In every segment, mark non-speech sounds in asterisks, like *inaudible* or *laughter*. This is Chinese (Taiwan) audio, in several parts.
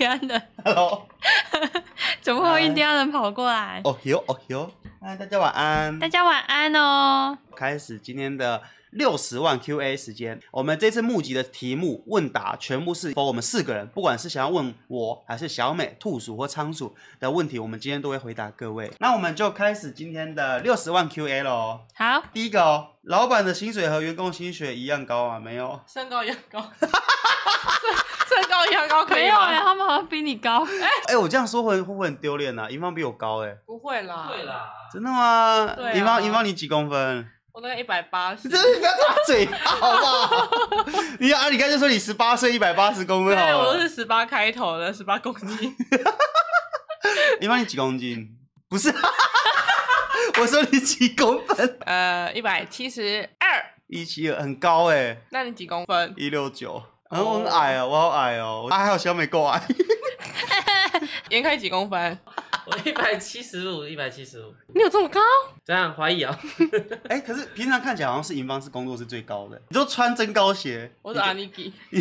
天安的，Hello，怎麼 *laughs* 會一定要人跑過來。哦喲，哦喲，啊，大家晚安，大家晚安哦。開始今天的六十萬 QA 時間，我們這次募集的題目問答全部是找我們四個人，不管是想要問我還是小美、兔鼠，或倉鼠的問題，我們今天都會回答各位。那我們就開始今天的六十萬 QA 嘍。好，第一個哦，老闆的薪水和員工薪水一樣高啊？沒有，身高一樣高。 *laughs* *laughs* 身高一樣高可以，沒有哎、欸，他們好像比你高。哎、欸、哎、欸，我這樣說會會不會很丟臉吶、啊？銀芳比我高哎、欸，不會啦，對啦，真的嗎？對、啊，銀芳銀芳，你幾公分？我大概一百八十。你真的不要打嘴好不好？ *laughs* 你啊，你剛才說你十八歲一百八十公分好了。對，我都是十八開頭的十八公斤。銀芳，你幾公斤？不是，哈哈哈哈哈哈，我說你幾公分？呃，一百七十二。一七二很高哎、欸，那你幾公分？一六九。Oh, 哦、我很矮哦，我好矮哦，啊還有小美夠矮，哈哈哈哈哈。開幾公分？我一百七十五，一百七十五。你有這麼高？怎樣懷疑啊、哦？哎、 *laughs* 欸，可是平常看起來好像是銀芳是工作室是最高的，你都穿增高鞋。我是阿妮比。 *laughs*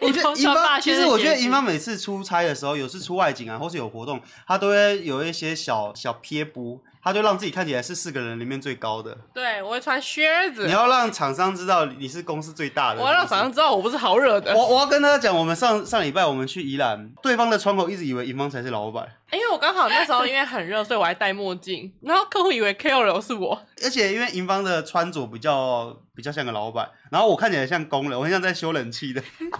我覺得一 *laughs* 其實我覺得銀芳每次出差的時候，有時出外景啊，或是有活動，她都會有一些小小撇步。他就讓自己看起來是四個人裡面最高的。對，我會穿靴子。你要讓廠商知道你是公司最大的。我要讓廠商知道我不是好惹的。我我要跟他講，我們上上禮拜我們去宜蘭，對方的窗口一直以為銀方才是老板。因、欸、為我剛好那時候因為很熱，所以我還戴墨鏡，然後客戶以為 KOL 是我。而且因為銀方的穿着比較比較像個老板，然後我看起來像工人，我很像在修冷氣的。 *laughs*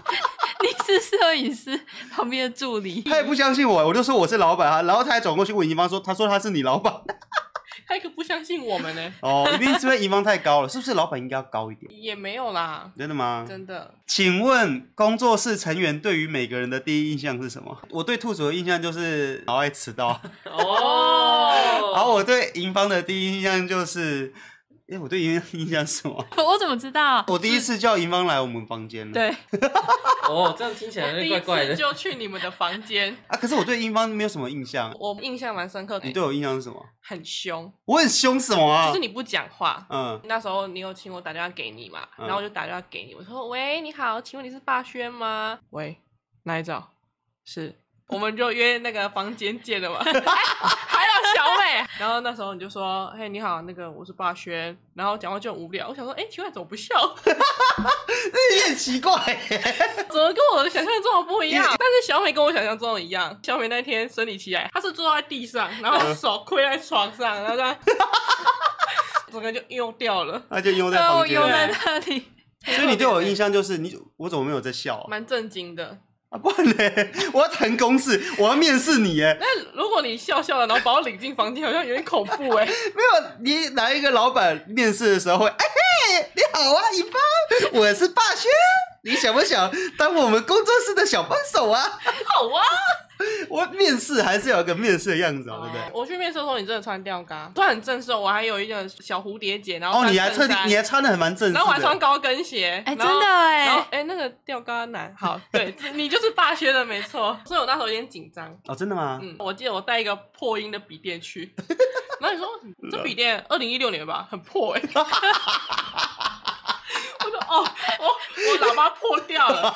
是攝影師旁邊的助理，他也不相信我，我就說我是老板，然後他還轉過去問銀芳說，他說他是你老板， *laughs* 他可不相信我們呢。哦、oh，因為是不是銀芳太高了？是不是老板應該要高一點？也沒有啦，真的嗎？真的？請問工作室成員對於每個人的第一印象是什麼？我對兔子的印象就是老愛遲到哦，好、 *laughs* oh!，oh, 我對銀芳的第一印象就是。哎，我對英方印象是什麼？我怎麼知道？我第一次叫英方來我們房間了。對，哦，這樣聽起來怪怪的。就去你們的房間，的房間 *laughs* 啊？可是我對英方沒有什麼印象。我印象蠻深刻。的。你對我印象是什麼？很凶。我很凶什麼啊？就是你不講話。嗯。那時候你有請我打電話給你嘛？嗯、然後我就打電話給你，我說：“喂，你好，請問你是霸軒嗎？”喂，哪一兆？是。 *laughs* 我們就約那個房間見了嘛。 *laughs* *laughs* *laughs* 小美，然後那時候你就說，哎、hey,，你好，那個我是霸軒，然後講話就很無聊。我想說，哎、欸，奇怪，怎麼不笑？有 *laughs* 點 *laughs* 奇怪， *laughs* 怎麼跟我的想象中的不一樣？ *laughs* 但是小美跟我想象中的一樣。小美那天生理期來，她是坐在地上，然後手推在床上， *laughs* 然後這樣 *laughs* 整個就悠掉了，而、啊、就悠在我在那裡。所以你對我的印象就是你，我怎麼沒有在笑、啊？蠻 *laughs* 正經的。不呢，我要談公事，我要面試你哎。那如果你笑笑的，然後把我領進房間， *laughs* 好像有點恐怖哎。 *laughs* 沒有，你來一個老闆面試的時候會，哎、欸、嘿，你好啊，一帆， *laughs* 我是霸軒，你想不想當我們工作室的小幫手啊？好啊。我面試還是有一個面試的樣子哦，對不對？我去面試的時候，你真的穿吊嘎，穿很正式。我還有一個小蝴蝶結，然後你還底，你還穿，你還穿得很的很蠻正式，然後我還穿高跟鞋。哎、欸，真的哎，哎、欸、那個吊嘎男，好，對 *laughs* 你就是霸軒的沒錯。所以我那時候有點緊張哦，真的嗎？嗯，我記得我帶一個破音的筆電去，那你說、啊、這筆電二零一六年吧，很破哎。 *laughs* 哦，我喇叭破掉了，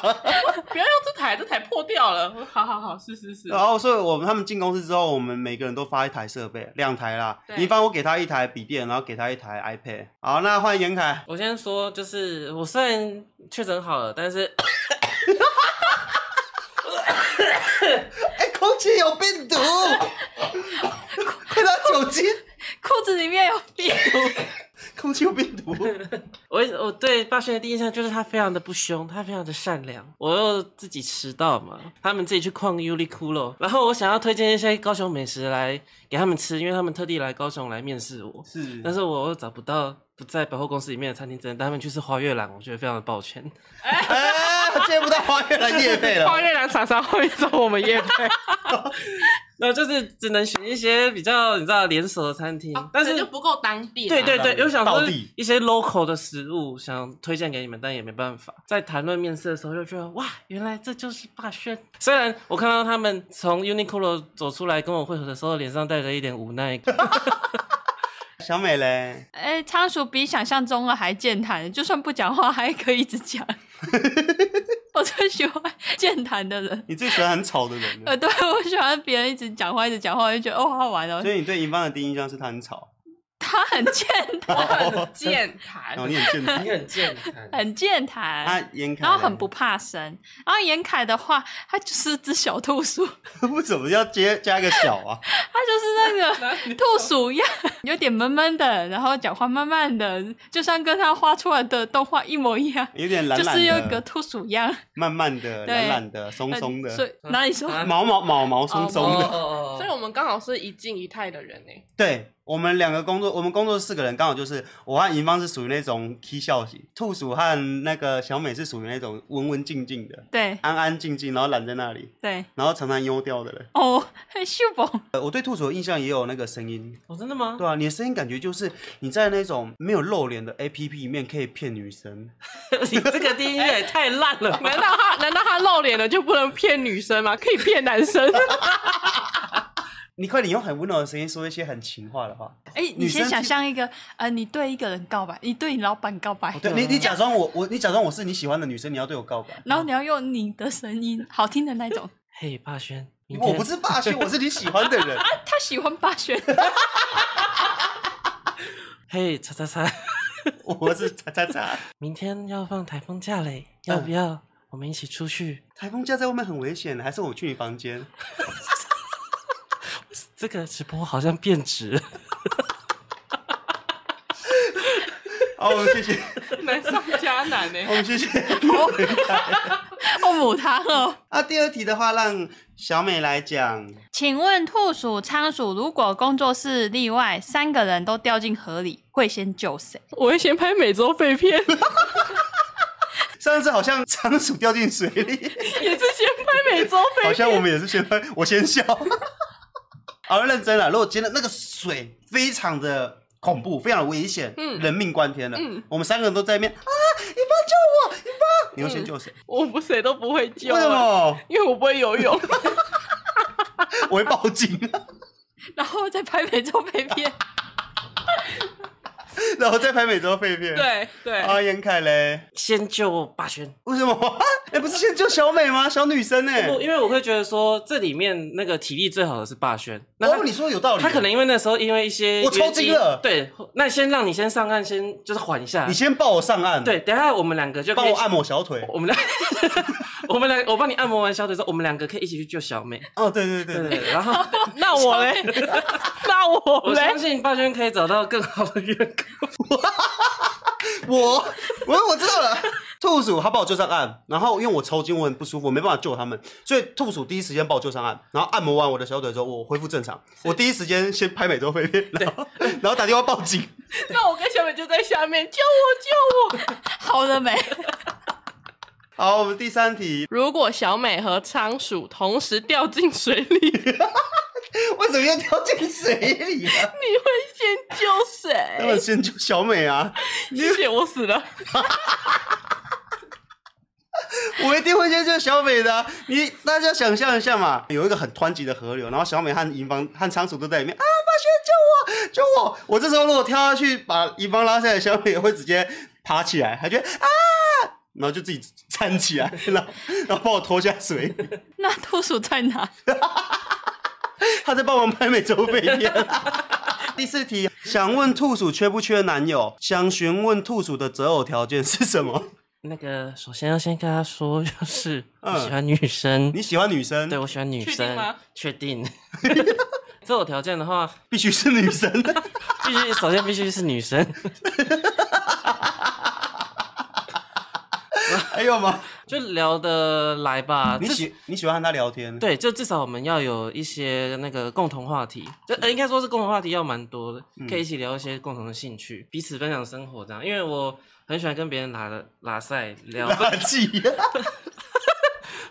不要用這台，這台破掉了。好好好，是是是。然後，所以我們他們進公司之後，我們每個人都發一台設備，兩台啦。你幫我給他一台筆電，然後給他一台 iPad。好，那歡迎嚴凱。我先說，就是我雖然確診好了，但是，哎、 *laughs* 欸，空氣有病毒，快拿酒精，褲子裡面有病毒。空氣有病毒。我我對霸軒的第一印象就是他非常的不凶，他非常的善良。我又自己遲到嘛，他們自己去逛優衣庫咯。然後我想要推薦一些高雄美食來給他們吃，因為他們特地來高雄來面試我。是，但是我又找不到。不在百貨公司裡面的餐廳，只能帶他們去吃花月蘭，我覺得非常的抱歉。哎、欸，見 *laughs* 不到花月蘭業配了。花月蘭常常會走我們業配。 *laughs* *laughs* 那就是只能選一些比較你知道連鎖的餐廳、啊，但是就不夠當地、啊。對對對，又想說一些 local 的食物想推薦給你們，但也沒辦法。在談論面試的時候，又覺得哇，原來這就是霸軒。雖然我看到他們從 Uniqlo 走出來跟我會合的時候，臉上帶着一點無奈感。 *laughs* 小美嘞，哎、欸，倉鼠比想象中的還健談，就算不講話，還可以一直講。 *laughs* *laughs* 我最喜歡健談的人，你最喜歡很吵的人？呃、嗯，對，我喜歡別人一直講話，一直講話，我就覺得哦，好玩哦。所以你對 Evonne 的第一印象是他很吵。他很健談， *laughs* 很健談。 *laughs* 哦，你很健， *laughs* 你很健談，很健談。他嚴凱，然後很不怕生。 *laughs* 然後嚴凱的話，他就是只小兔鼠。 *laughs* 為什麼要加加個小啊？ *laughs* 他就是那個 *laughs* 兔鼠一樣，有點悶悶的，然後講話慢慢的，就像跟他畫出來的動畫一模一樣。有點懶懶的，就是有個兔鼠一樣，慢慢的、懶懶的、鬆鬆的、嗯。所以哪裡說、啊、毛毛毛毛鬆鬆的？Oh, oh, oh, oh, oh, oh. 所以我們剛好是一靜一態的人誒。對。我們兩個工作，我們工作四個人，剛好就是我和尹芳是屬於那種嬉笑型，兔鼠、和那個小美是屬於那種文文靜靜的，對，安安靜靜，然後懶在那裡，對，然後常常丟掉的嘞。哦，秀寶，我對兔鼠的印象也有那個聲音。哦、oh,，真的嗎？對啊，你的聲音感覺就是你在那種沒有露臉的 APP 裡面可以騙女生。 *laughs* 你這個低音也太爛了、 *laughs* 欸。難道他難道他露臉了就不能騙女生嗎？可以騙男生。 *laughs* 你快點用很溫柔的聲音說一些很情話的話。哎、欸,你先想象一個，呃，你對一個人告白，你對你老板告白。哦、對，嗯、你你假裝我我，你假裝我是你喜歡的女生，你要對我告白。然後你要用你的聲音，好聽的那種。嘿 *laughs* hey,，霸軒，我不是霸軒，我是你喜歡的人。 *laughs* 他喜歡霸軒。嘿、 *laughs* hey, 叉，叉叉叉，我是叉叉叉。 *laughs* 明天要放台風假嘞，要不要、嗯、我們一起出去？台風假在外面很危險，還是我去你房間？ *laughs* 這個直播好像變質、 *laughs* 哦，好，我們、欸哦、謝謝。難上加難呢，我們謝謝。我母湯哦、啊、第二題的話，讓小美來講。請問兔鼠倉鼠，如果工作室例外，三個人都掉進河裡，會先救誰？我會先拍美洲廢片。 *laughs* 上次好像倉鼠掉進水裡，也是先拍美洲廢片。 *laughs* 好像我們也是先拍，我先笑。 *laughs* 好、哦、認真了，如果今天那個水，非常的恐怖，非常的危險，嗯，人命關天了，嗯，我們三個人都在那邊啊，你不要救我，你不要、嗯，你會先救誰？我不，誰都不會救，為什麼？因為我不會游泳，哈哈哈哈哈哈，我會報警 *laughs* 然後再拍美照被騙。 *laughs* *laughs* *laughs* 然後再拍美洲廢片，對對。阿嚴凱嘞，先救霸軒，為什麼？哎、欸，不是先救小美嗎？小女生呢、欸。因為我會覺得說，這裡面那個體力最好的是霸軒。哦，你說有道理。他可能因為那時候因為一些我抽筋了。對，那先讓你先上岸，先就是緩一下。你先抱我上岸。對，等一下我們兩個就幫我按摩小腿。我們倆。 *laughs* 我們兩，我幫你按摩完小腿之後，我們兩個可以一起去救小美。哦，對對對對。對然後，那我嘞？那我， *laughs* *laughs* 那我相信霸軒可以找到更好的人。我，我我知道了。兔 *laughs* 鼠他把我救上岸，然後因為我抽筋，我很不舒服，我沒辦法救他們，所以兔鼠第一時間把我救上岸，然後按摩完我的小腿之後，我恢復正常，我第一時間先拍美洲飛片，對，然後打電話報警 *laughs* 那我跟小美就在下面，救我，救我。 *laughs* 好的，美。 *laughs* 好，我們第三題。如果小美和倉鼠同時掉進水裡， *laughs* 為什麼要掉進水裡、啊、 *laughs* 你會先救誰？那麼先救小美啊！你我死了， *laughs* 我一定會先救小美的、啊。你大家想象一下嘛，有一個很湍急的河流，然後小美和銀邦和倉鼠都在裡面啊，霸軒救我，救我！我這時候如果跳下去把銀邦拉下來，小美也會直接爬起來，還覺得啊。然後就自己站起來，然後把我拖下水。 *laughs* 那兔鼠在哪？ *laughs* 他在幫忙拍美洲杯。 *laughs* 第四題，想問兔鼠缺不缺男友？想詢問兔鼠的擇偶條件是什麼？那個，首先要先跟他說，就是我喜歡女生、嗯。你喜歡女生？對，我喜歡女生。確定嗎？確定。擇 *laughs* 偶條件的話，必須是女生。 *laughs* 必須，首先必須是女生。 *laughs* 還有嗎？就聊得來吧。嗯、你喜你喜歡和他聊天？對，就至少我們要有一些那個共同話題。就、呃、應該說是共同話題要蠻多的、嗯，可以一起聊一些共同的興趣、嗯，彼此分享生活這樣。因為我很喜歡跟別人拉了拉賽，聊，哈哈哈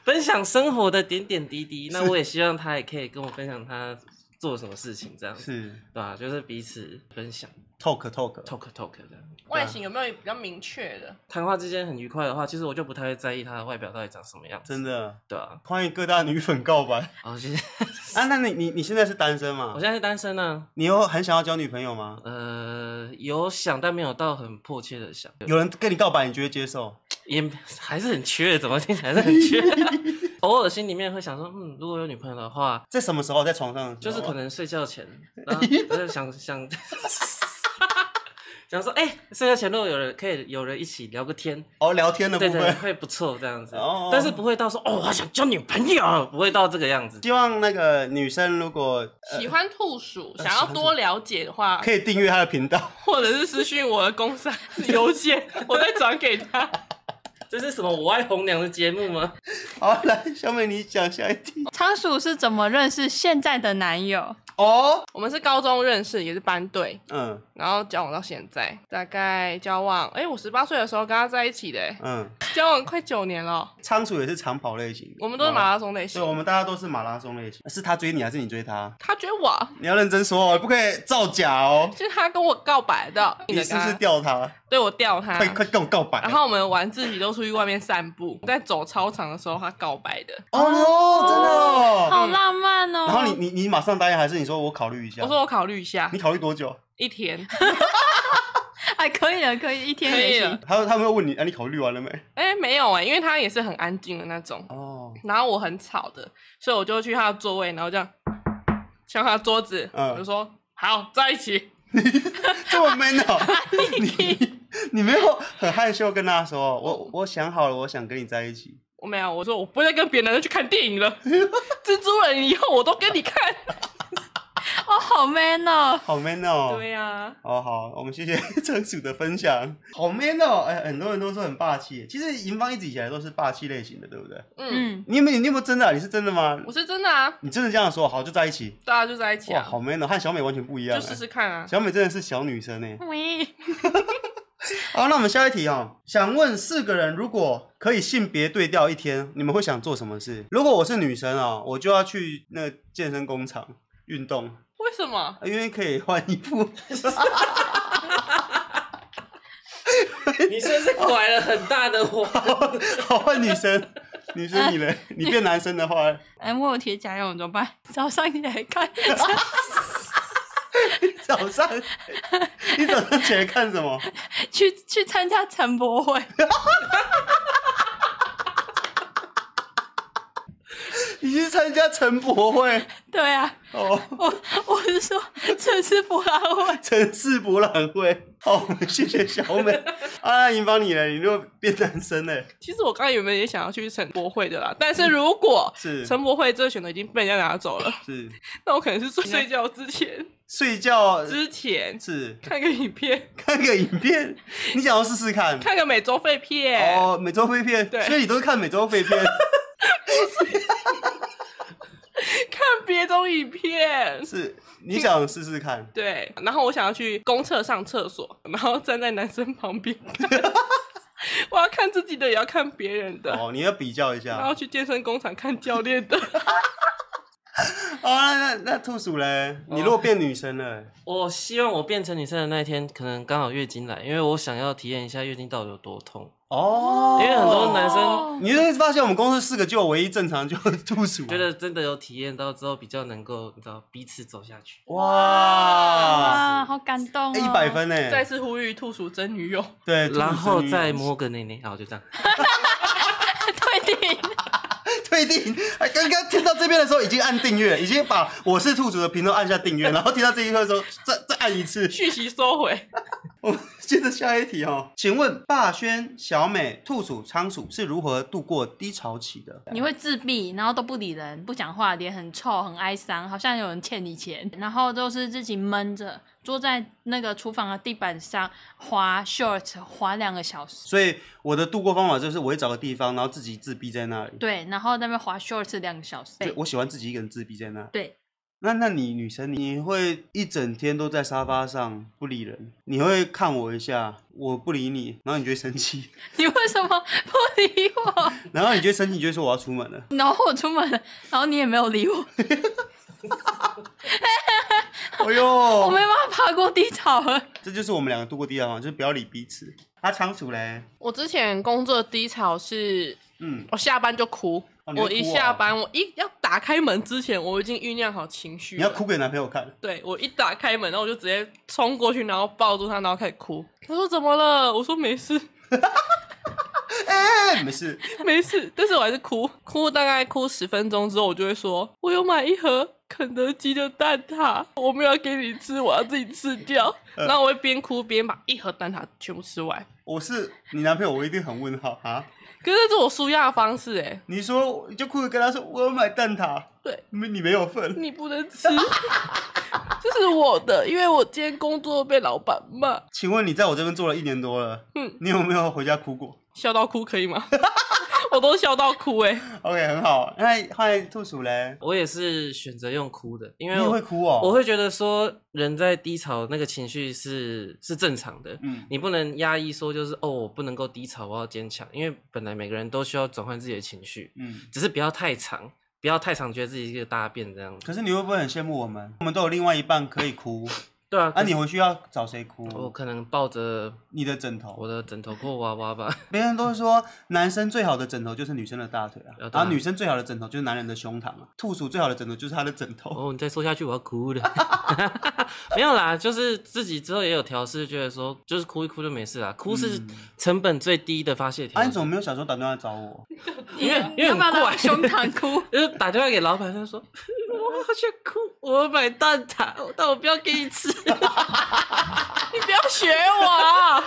分享生活的點點滴滴。那我也希望他也可以跟我分享他做什麼事情這樣，是吧、啊？就是彼此分享。Talk Talk Talk Talk 的外形有沒有比較明確的？談、啊、話之間很愉快的話，其實我就不太會在意他的外表到底長什麼樣子。真的，對啊，歡迎各大女粉告白。哦，謝謝。啊，那你你你現在是單身嗎？ *laughs* 我現在是單身呢、啊。你有很想要交女朋友嗎？呃，有想但沒有到很迫切的想。有人跟你告白，你就會接受？也還是很缺，怎麼聽起來還是很缺。 *laughs* 偶爾心裡面會想說，嗯，如果有女朋友的話，在什麼時候？在床上，就是可能睡覺前，啊、 *laughs* 然後就想想。 *laughs* 然後說，哎，剩下前路有人可以有人一起聊個天哦，聊天的話對，對會不錯這樣子，哦哦但是，不會到說哦，我想交女朋友，不會到這個樣子。希望那個女生如果、呃、喜歡兔鼠，想要多了解的話，呃、可以訂閱她的頻道，或者是私訊我的工商 *laughs* 郵件，我再轉給她。 *laughs* 這是什麼我愛紅娘的節目嗎？好，來小美，你講下一題。倉鼠是怎麼認識現在的男友？哦，我們是高中認識，也是班隊，嗯。然後交往到現在，大概交往哎，我十八歲的時候跟他在一起的，嗯，交往快九年了。倉鼠也是長跑類型，我們都是馬拉松類型、哦。對，我們大家都是馬拉松類型。是他追你還是你追他？他追我、啊。你要認真說，不可以造假哦。是他跟我告白的。你是不是吊他？ *laughs* 對，我吊他。快快跟我告白。然後我們晚自習都出去外面散步， *laughs* 在走操場的時候他告白的。哦喲，真的、哦，好浪漫哦。嗯、然後你你你馬上答應還是你說我考慮一下？我說我考慮一下。你考慮多久？一天， *laughs* 哎，可以了，可以，一天也行可以。他他們會問你，哎、啊，你考慮完了沒？哎、欸，沒有哎、欸，因為他也是很安靜的那種。哦、oh.。然後我很吵的，所以我就去他的座位，然後這樣敲他的桌子，嗯、uh.，我就說：“好，在一起。”這麼 man 哦、喔， *laughs* 你你沒有很害羞跟他說，我、oh. 我想好了，我想跟你在一起。我沒有，我說我不會再跟別人去看電影了。 *laughs* 蜘蛛人以後我都跟你看。哦、oh, 喔，好 man 哦！好 man 哦！對呀、啊。哦、oh, 好，好，我們謝謝倉主的分享。好 man 哦、喔！哎，很多人都說很霸氣，其實銀芳一直以來都是霸氣類型的，對不對？嗯。你有沒你有沒真的、啊？你是真的嗎？我是真的啊。你真的這樣說，好就在一起。大家、啊、就在一起、啊。哇，好 man 哦、喔，和小美完全不一樣。就試試看啊。小美真的是小女生哎。喂。 *laughs* 好，那我們下一題啊、喔。 *laughs* 想問四個人，如果可以性別對調一天，你們會想做什麼事？如果我是女生啊、喔，我就要去那個健身工廠運動。為什麼、啊？因為可以換衣服。 *laughs* *laughs* 你是不是拐了很大的彎？好換女生，女生你嘞、呃？你變男生的話，哎、呃，我有鐵甲用怎麼辦？早上你來看，早, *laughs* 早上你早上起來看什麼？去去參加展博會。 *laughs* 你是參加晨博會？對啊，哦、oh,，我我是說城市博覽會，城市博覽會。好、oh,，謝謝小美 *laughs* 啊，迎寶你了，你又變男生嘞。其實我剛剛有沒有也想要去晨博會的啦，但是如果是晨博會這個選擇已經被人家拿走了，是，那我可能是睡覺之前睡覺之前是看個影片，看個影片，你想要試試看，看個美洲廢片哦，oh, 美洲廢片，對，所以你都是看美洲廢片。 *laughs* 不是，看別種影片是？你想試試看？對，然後我想要去公廁上廁所，然後站在男生旁邊看 *laughs* 我要看自己的，也要看別人的哦。你要比較一下，然後去健身工廠看教練的。 *laughs* 哦，那那兔鼠嘞、哦？你如果變女生了、欸，我希望我變成女生的那一天，可能剛好月經來，因為我想要體驗一下月經到底有多痛。哦、oh，因為很多男生，oh, oh. 你會發現我們公司四個就唯一正常就兔鼠，啊，覺得真的有體驗到之後比較能夠，你知道彼此走下去。Wow, wow, 哇，哇，好感動哦，一百分呢！再次呼籲兔鼠真女友。對，然後再摸個內內，然後 *laughs* 就這樣。 *laughs* 退訂定， *laughs* 退訂！剛剛聽到這邊的時候已經按訂閱，已經把我是兔鼠的頻道按下訂閱，然後聽到這邊的時候再再按一次，續集收回。接着下一題哈、哦，請問霸軒、小美、兔鼠、倉鼠是如何度過低潮期的？你會自閉，然後都不理人，不講話，臉很臭，很哀傷，好像有人欠你錢，然後都是自己悶着，坐在那個廚房的地板上滑 short，滑兩個小時。所以我的度過方法就是，我會找個地方，然後自己自閉在那裡。對，然後在那邊滑 short 是兩個小時。對，所以我喜歡自己一個人自閉在那裡。對。那，那你女生你會一整天都在沙發上不理人，你會看我一下，我不理你，然後你就會生氣，你為什麼不理我？ *laughs* 然後你就會生氣，你就會說我要出門了，然後我出門了，然後你也沒有理我。哈哈哈哈哈哈！哎呦，我沒辦法爬過低潮了。這就是我們兩個度過低潮嘛，就是不要理彼此。他倉鼠嘞，我之前工作的低潮是，嗯，我下班就哭。啊啊、我一下班，我一要打開門之前，我已經醞釀好情緒。你要哭給男朋友看。對，我一打開門，然後我就直接衝過去，然後抱住他，然後開始哭。他說怎麼了？我說沒事。哎、 *laughs* 欸，沒事，沒事。但是我還是哭，哭大概哭十分鐘之後，我就會說，我有買一盒肯德基的蛋撻，我沒有給你吃，我要自己吃掉。呃、然後我會邊哭邊把一盒蛋撻全部吃完。我是你男朋友，我一定很問號啊。可是這是我紓壓的方式哎。你說，就哭着跟他說：“我要買蛋撻。”對，你你沒有份，你不能吃， *laughs* 這是我的，因為我今天工作被老闆罵。請問你在我這邊做了一年多了，嗯，你有沒有回家哭過？笑到哭可以嗎？ *laughs* 我都笑到哭欸，OK 很好，那歡迎兔鼠嘞。我也是選擇用哭的，因為我你會哭哦。我會覺得說，人在低潮那個情緒是是正常的，嗯，你不能壓抑說就是哦，我不能夠低潮，我要堅強，因為本來每個人都需要轉換自己的情緒，嗯，只是不要太長，不要太長，覺得自己是一個大便這樣子。可是你會不會很羨慕我們？我們都有另外一半可以哭。 *laughs* 對啊！啊你回去要找誰哭？我可能抱着你的枕頭，我的枕頭或娃娃吧。別人都說男生最好的枕頭就是女生的大腿啊，啊，然後女生最好的枕頭就是男人的胸膛啊。兔鼠最好的枕頭就是他的枕頭。哦，你再說下去我要哭了。 *laughs* *laughs* 沒有啦，就是自己之後也有調試，就是說就是哭一哭就沒事啦。嗯、哭是成本最低的發洩。啊，你怎麼沒有小時候打電話找我？ *laughs* 因為因為很哭，胸膛哭， *laughs* 就是打電話給老闆就說 *laughs* 我要去哭，我要買蛋撻，但我不要給你吃。哈哈哈哈哈！你不要學我啊！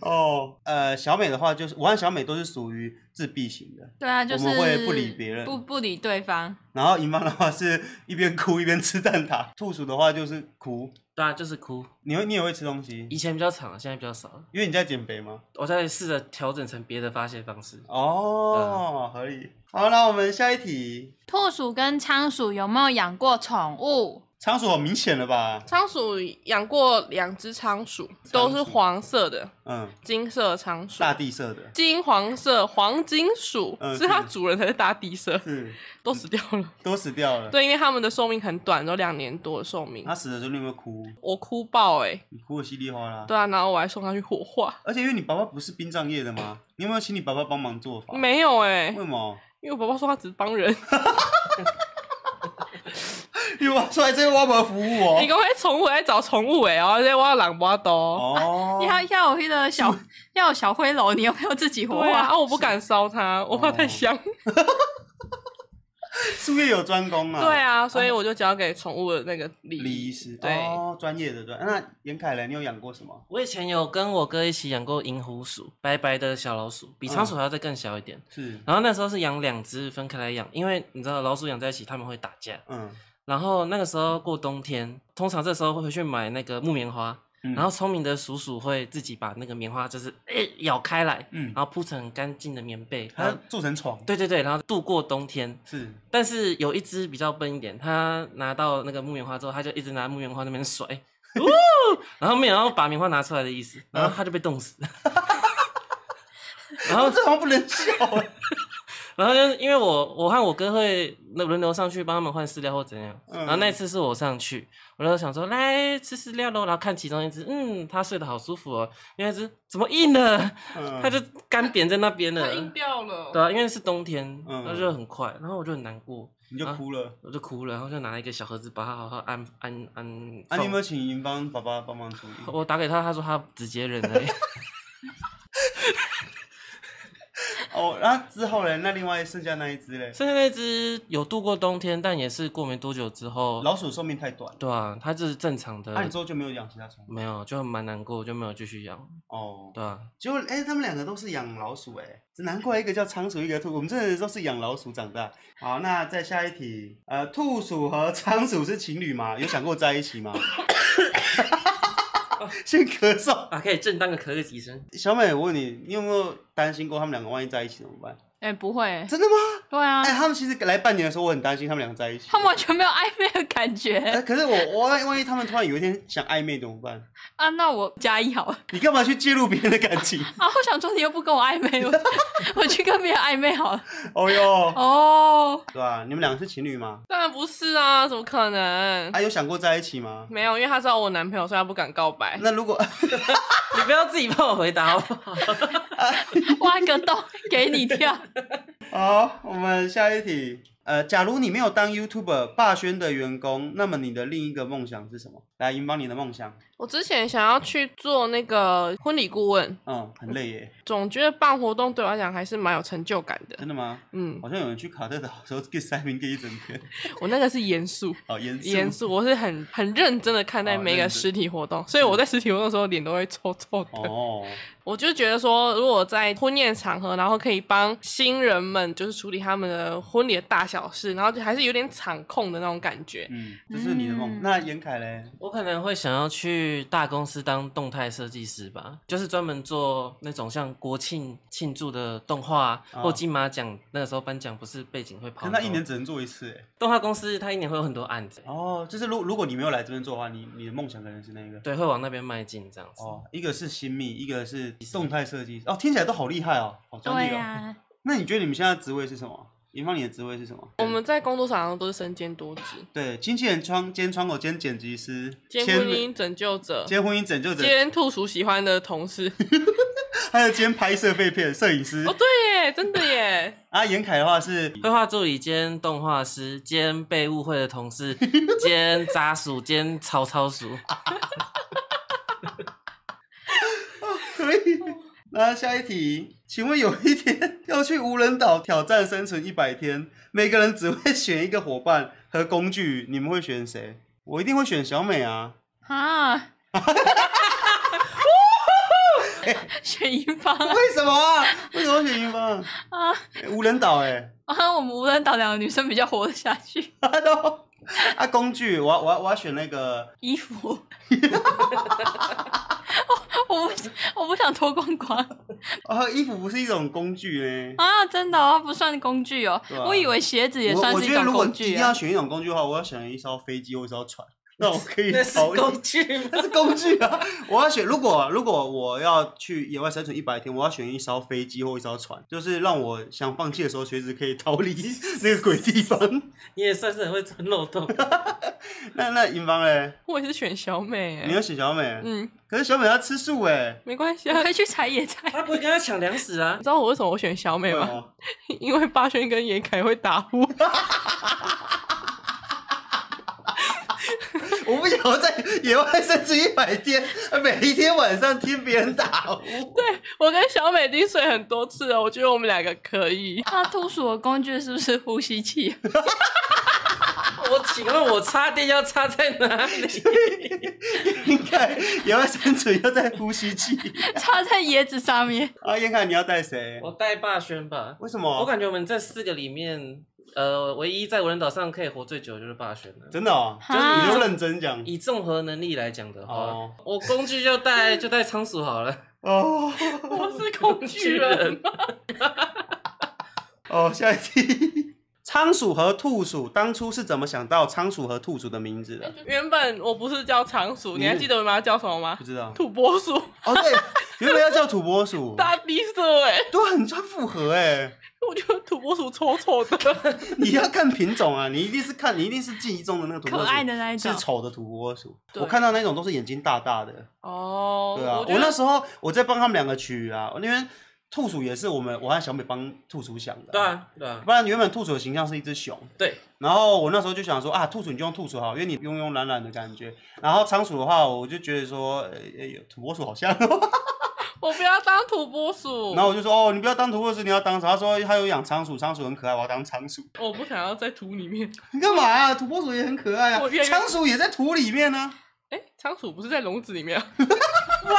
哦，呃，小美的話就是，我跟小美都是屬於自閉型的。 *laughs* 對啊，就是。我們會不理別人。不不理對方。然後姨媽的話是一邊哭一邊吃蛋撻，兔鼠的話就是哭。對啊，就是哭。你會，你也會吃東西？以前比較常，現在比較少， *laughs* 因為你在減肥嗎？我在試着調整成別的發泄方式。哦、oh, 嗯，可以。好，那我們下一題。兔鼠跟倉鼠有沒有養過寵物？倉鼠好明顯了吧？倉鼠養過兩隻倉鼠，都是黃色的，嗯，金色倉鼠，大地色的，金黃色黃金鼠，嗯，是它主人才是大地色，是，都死掉了，都，嗯，死掉了，對，因為他們的壽命很短，都兩年多的壽命。他死的時候你有沒有哭？我哭爆哎，欸，你哭得稀里嘩啦。對啊，然後我還送他去火化。而且因為你爸爸不是殯葬業的嗎？你有沒有請你爸爸幫忙做法？沒有哎，欸。為什麼？因為我爸爸說他只是幫人。 *laughs* *laughs* 哇，出來這個我們服務哦。你剛才寵物在找寵物哎、欸、哦，這些挖懶挖多哦、oh, 啊。要要我那個小 *laughs* 要有小灰樓你有沒有自己活化啊，啊？我不敢燒它，我怕太香。術業有專攻啊。對啊，所以我就交給寵物的那個李李醫師對哦專、oh, 業的對。那嚴凱雷，你有養過什麼？我以前有跟我哥一起養過銀狐鼠，白白的小老鼠，比倉鼠還要再更小一點。是、嗯。然後那時候是養兩只分開來養，因為你知道老鼠養在一起他們會打架。嗯。然後那個時候過冬天，通常這時候會回去買那個木棉花，嗯、然後聰明的鼠鼠會自己把那個棉花就是誒、欸、咬開來、嗯，然後鋪成很乾淨的棉被，它做成床。對對對，然後度過冬天。是，但是有一只比較笨一點，它拿到那個木棉花之後，它就一直拿木棉花那邊甩，哦， *laughs* 然後沒有然後把棉花拿出來的意思，然後它就被凍死了。 *laughs* *laughs* 然後、哦、這怎麼不能笑？ *laughs* 然後就是因為我，我和我哥會那輪流上去幫他們換飼料或怎樣。嗯、然後那一次是我上去，我就想說來吃飼料嘍。然後看其中一隻，嗯，它睡得好舒服哦。另外一隻怎麼硬了？它、嗯、就乾扁在那邊了。硬掉了、嗯。對啊，因為是冬天，那、嗯、就很快。然後我就很難過，你就哭了，然後我就哭了。然後就拿了一個小盒子把它好好安安安安。你有沒有請銀芳爸爸幫忙處理？我打給他，他說他直接扔了。 *laughs* 哦，那、啊、之後嘞，那另外剩下那一只嘞，剩下那只有度過冬天，但也是過沒多久之後，老鼠壽命太短，對啊，它這是正常的。那、啊、你之後就沒有養其他寵物？沒有，就很蠻難過，就沒有繼續養。哦，對啊，結果哎、欸，他們兩個都是養老鼠哎、欸，難怪一個叫倉鼠，一個兔，我們真的是都是養老鼠長大。好，那再下一題，呃，兔鼠和倉鼠是情侶嗎？有想過在一起嗎？ *laughs* 先咳嗽啊，可以正當的咳個幾聲。小美，我問你，你有沒有擔心過他們兩個萬一在一起怎麼辦？哎、欸，不會、欸，真的嗎？對啊，哎、欸，他們其實來半年的時候，我很擔心他們兩個在一起。他們完全沒有曖昧的感覺、欸。可是我，我萬一他們突然有一天想曖昧怎麼辦？啊，那我加一好了。你幹嘛去介入別人的感情啊？啊，我想說你又不跟我曖昧， *laughs* 我就我去跟別人曖昧好了。哦喲。哦。對啊，你們兩個是情侶嗎？當然不是啊，怎麼可能？他、啊、有想過在一起嗎？沒有，因為他知道我男朋友，所以他不敢告白。那如果， *laughs* 你不要自己幫我回答好不好？挖個洞給你跳。 *laughs* 好。我們我們下一題，呃，假如你沒有當 YouTuber 霸軒的員工，那麼你的另一個夢想是什麼？來，贏幫你的夢想。我之前想要去做那個婚禮顧問，嗯，很累耶，總覺得辦活動對我來講還是蠻有成就感的。真的嗎？嗯，好像有人去卡特的時候給三名給一整天。我那個是嚴肅，好嚴肅，我是很很認真的看待每個實體活動，oh,，所以我在實體活動的時候臉都會臭臭的。哦、oh.。我就覺得說，如果在婚宴場合，然後可以幫新人們就是處理他們的婚禮的大小事，然後就還是有點場控的那種感覺。嗯，這、就是你的夢、嗯。那嚴凱嘞，我可能會想要去大公司當動態設計師吧，就是專門做那種像國慶慶祝的動畫、哦，或金馬獎那個時候頒獎不是背景會跑。但他一年只能做一次，哎，動畫公司他一年會有很多案子。哦，就是如果如果你沒有來這邊做的話，你你的夢想可能是那個。對，會往那邊邁進這樣子。哦，一個是新密，一個是。動態設計哦，聽起來都好厲害哦。好專業，哦啊。那你覺得你們現在的職位是什麼？嚴芳，你的職位是什麼？我們在工作上都是身兼多職。對，兼經紀人窗，兼窗口兼輯，兼剪輯師，兼婚姻拯救者，兼婚姻拯救者，兼兔鼠喜歡的同事，同事 *laughs* 還有兼拍攝廢片攝影師。 *laughs* 哦，對耶，真的耶。 *laughs* 啊，嚴凱的話是繪畫助理兼動畫師兼被誤會的同事 *laughs* 兼渣鼠兼曹操鼠。所以，那下一題，請問有一天要去無人島挑戰生存一百天，每個人只會選一個夥伴和工具，你們會選誰？我一定會選小美啊！啊， *laughs* *laughs* 欸、選英方為什麼啊？為什麼，為什麼選英方啊、欸？無人島，哎，啊，我們無人島兩個女生比較活得下去，都。 *laughs* 啊，工具，我我我要選那個衣服， *laughs* *laughs* *laughs* *laughs* 我我不我不想脫光光 *laughs* 啊，衣服不是一種工具嘞？欸、啊，真的？哦，它不算工具哦？啊，我以為鞋子也算是一種工具，一定要選一種工具的、啊、話，我要選一艘飛機，或一艘船。那我可以工具，那是工具，是工具啊！ *laughs* 我要選，如果如果我要去野外生存一百天，我要選一艘飛機或一艘船，就是讓我想放棄的時候，隨時可以逃離那個鬼地方。 *laughs* 你也算是很會鑽漏洞。 *laughs* 那那英方呢？我也是選小美、欸。你要選小美？嗯。可是小美要吃素哎、欸。沒關係啊，可以去採野菜。他不會跟他搶糧食啊。 *laughs* 你知道我為什麼我選小美嗎？ *laughs* 因為霸軒跟嚴凱會打呼。 *laughs* *laughs* 我不想在野外生存一百天，每一天晚上聽別人打呼、哦。對，我跟小美已經睡很多次了，我覺得我們兩個可以。他偷鼠的工具是不是呼吸器？ *laughs* *laughs* 我請問我插電要插在哪裡？ *laughs* *laughs* 應該野外生存要在呼吸器 *laughs* 插在椰子上面。啊。嚴凱，你要帶誰？我帶霸軒吧。為什麼？我感覺我們這四個裡面。呃，唯一在無人島上可以活最久就是霸軒了。真的哦，就是你就認真講，以綜合能力來講的話，哦，我工具就帶就帶倉鼠好了。哦，我是工具人。工具人 *laughs* 哦，下一題，倉鼠和兔鼠當初是怎麼想到倉鼠和兔鼠的名字的？原本我不是叫倉鼠，你還記得我把叫什麼嗎？不知道，土撥鼠。哦，對。 *laughs* 原本要叫土撥鼠， *laughs* 大地色哎、欸，都很像符合哎、欸。我覺得土撥鼠醜丑的。 *laughs* 你要看品種啊，你一定是看，你一定是記憶中的那個土撥鼠，可愛的那一種，是醜的土撥鼠。我看到那種都是眼睛大大的。哦、oh，對啊我，我那時候我在幫他們兩個取啊，因為兔鼠也是我們，我和小美幫兔鼠想的、啊。對啊，對啊。不然原本兔鼠的形象是一只熊。對。然後我那時候就想說啊，兔鼠你就用兔鼠好，因為你慵慵懶懶的感覺。然後倉鼠的話，我就覺得說，哎、欸、呦、欸，土撥鼠好像。 *laughs* 我不要當土撥鼠，然後我就說哦，你不要當土撥鼠，你要當啥？他說他有養倉鼠，倉鼠很可愛，我要當倉鼠。我不想要在土裡面， *laughs* 你幹嘛啊？土撥鼠也很可愛啊，倉鼠也在土裡面呢、啊。哎、欸，倉鼠不是在籠子裡面、啊？哇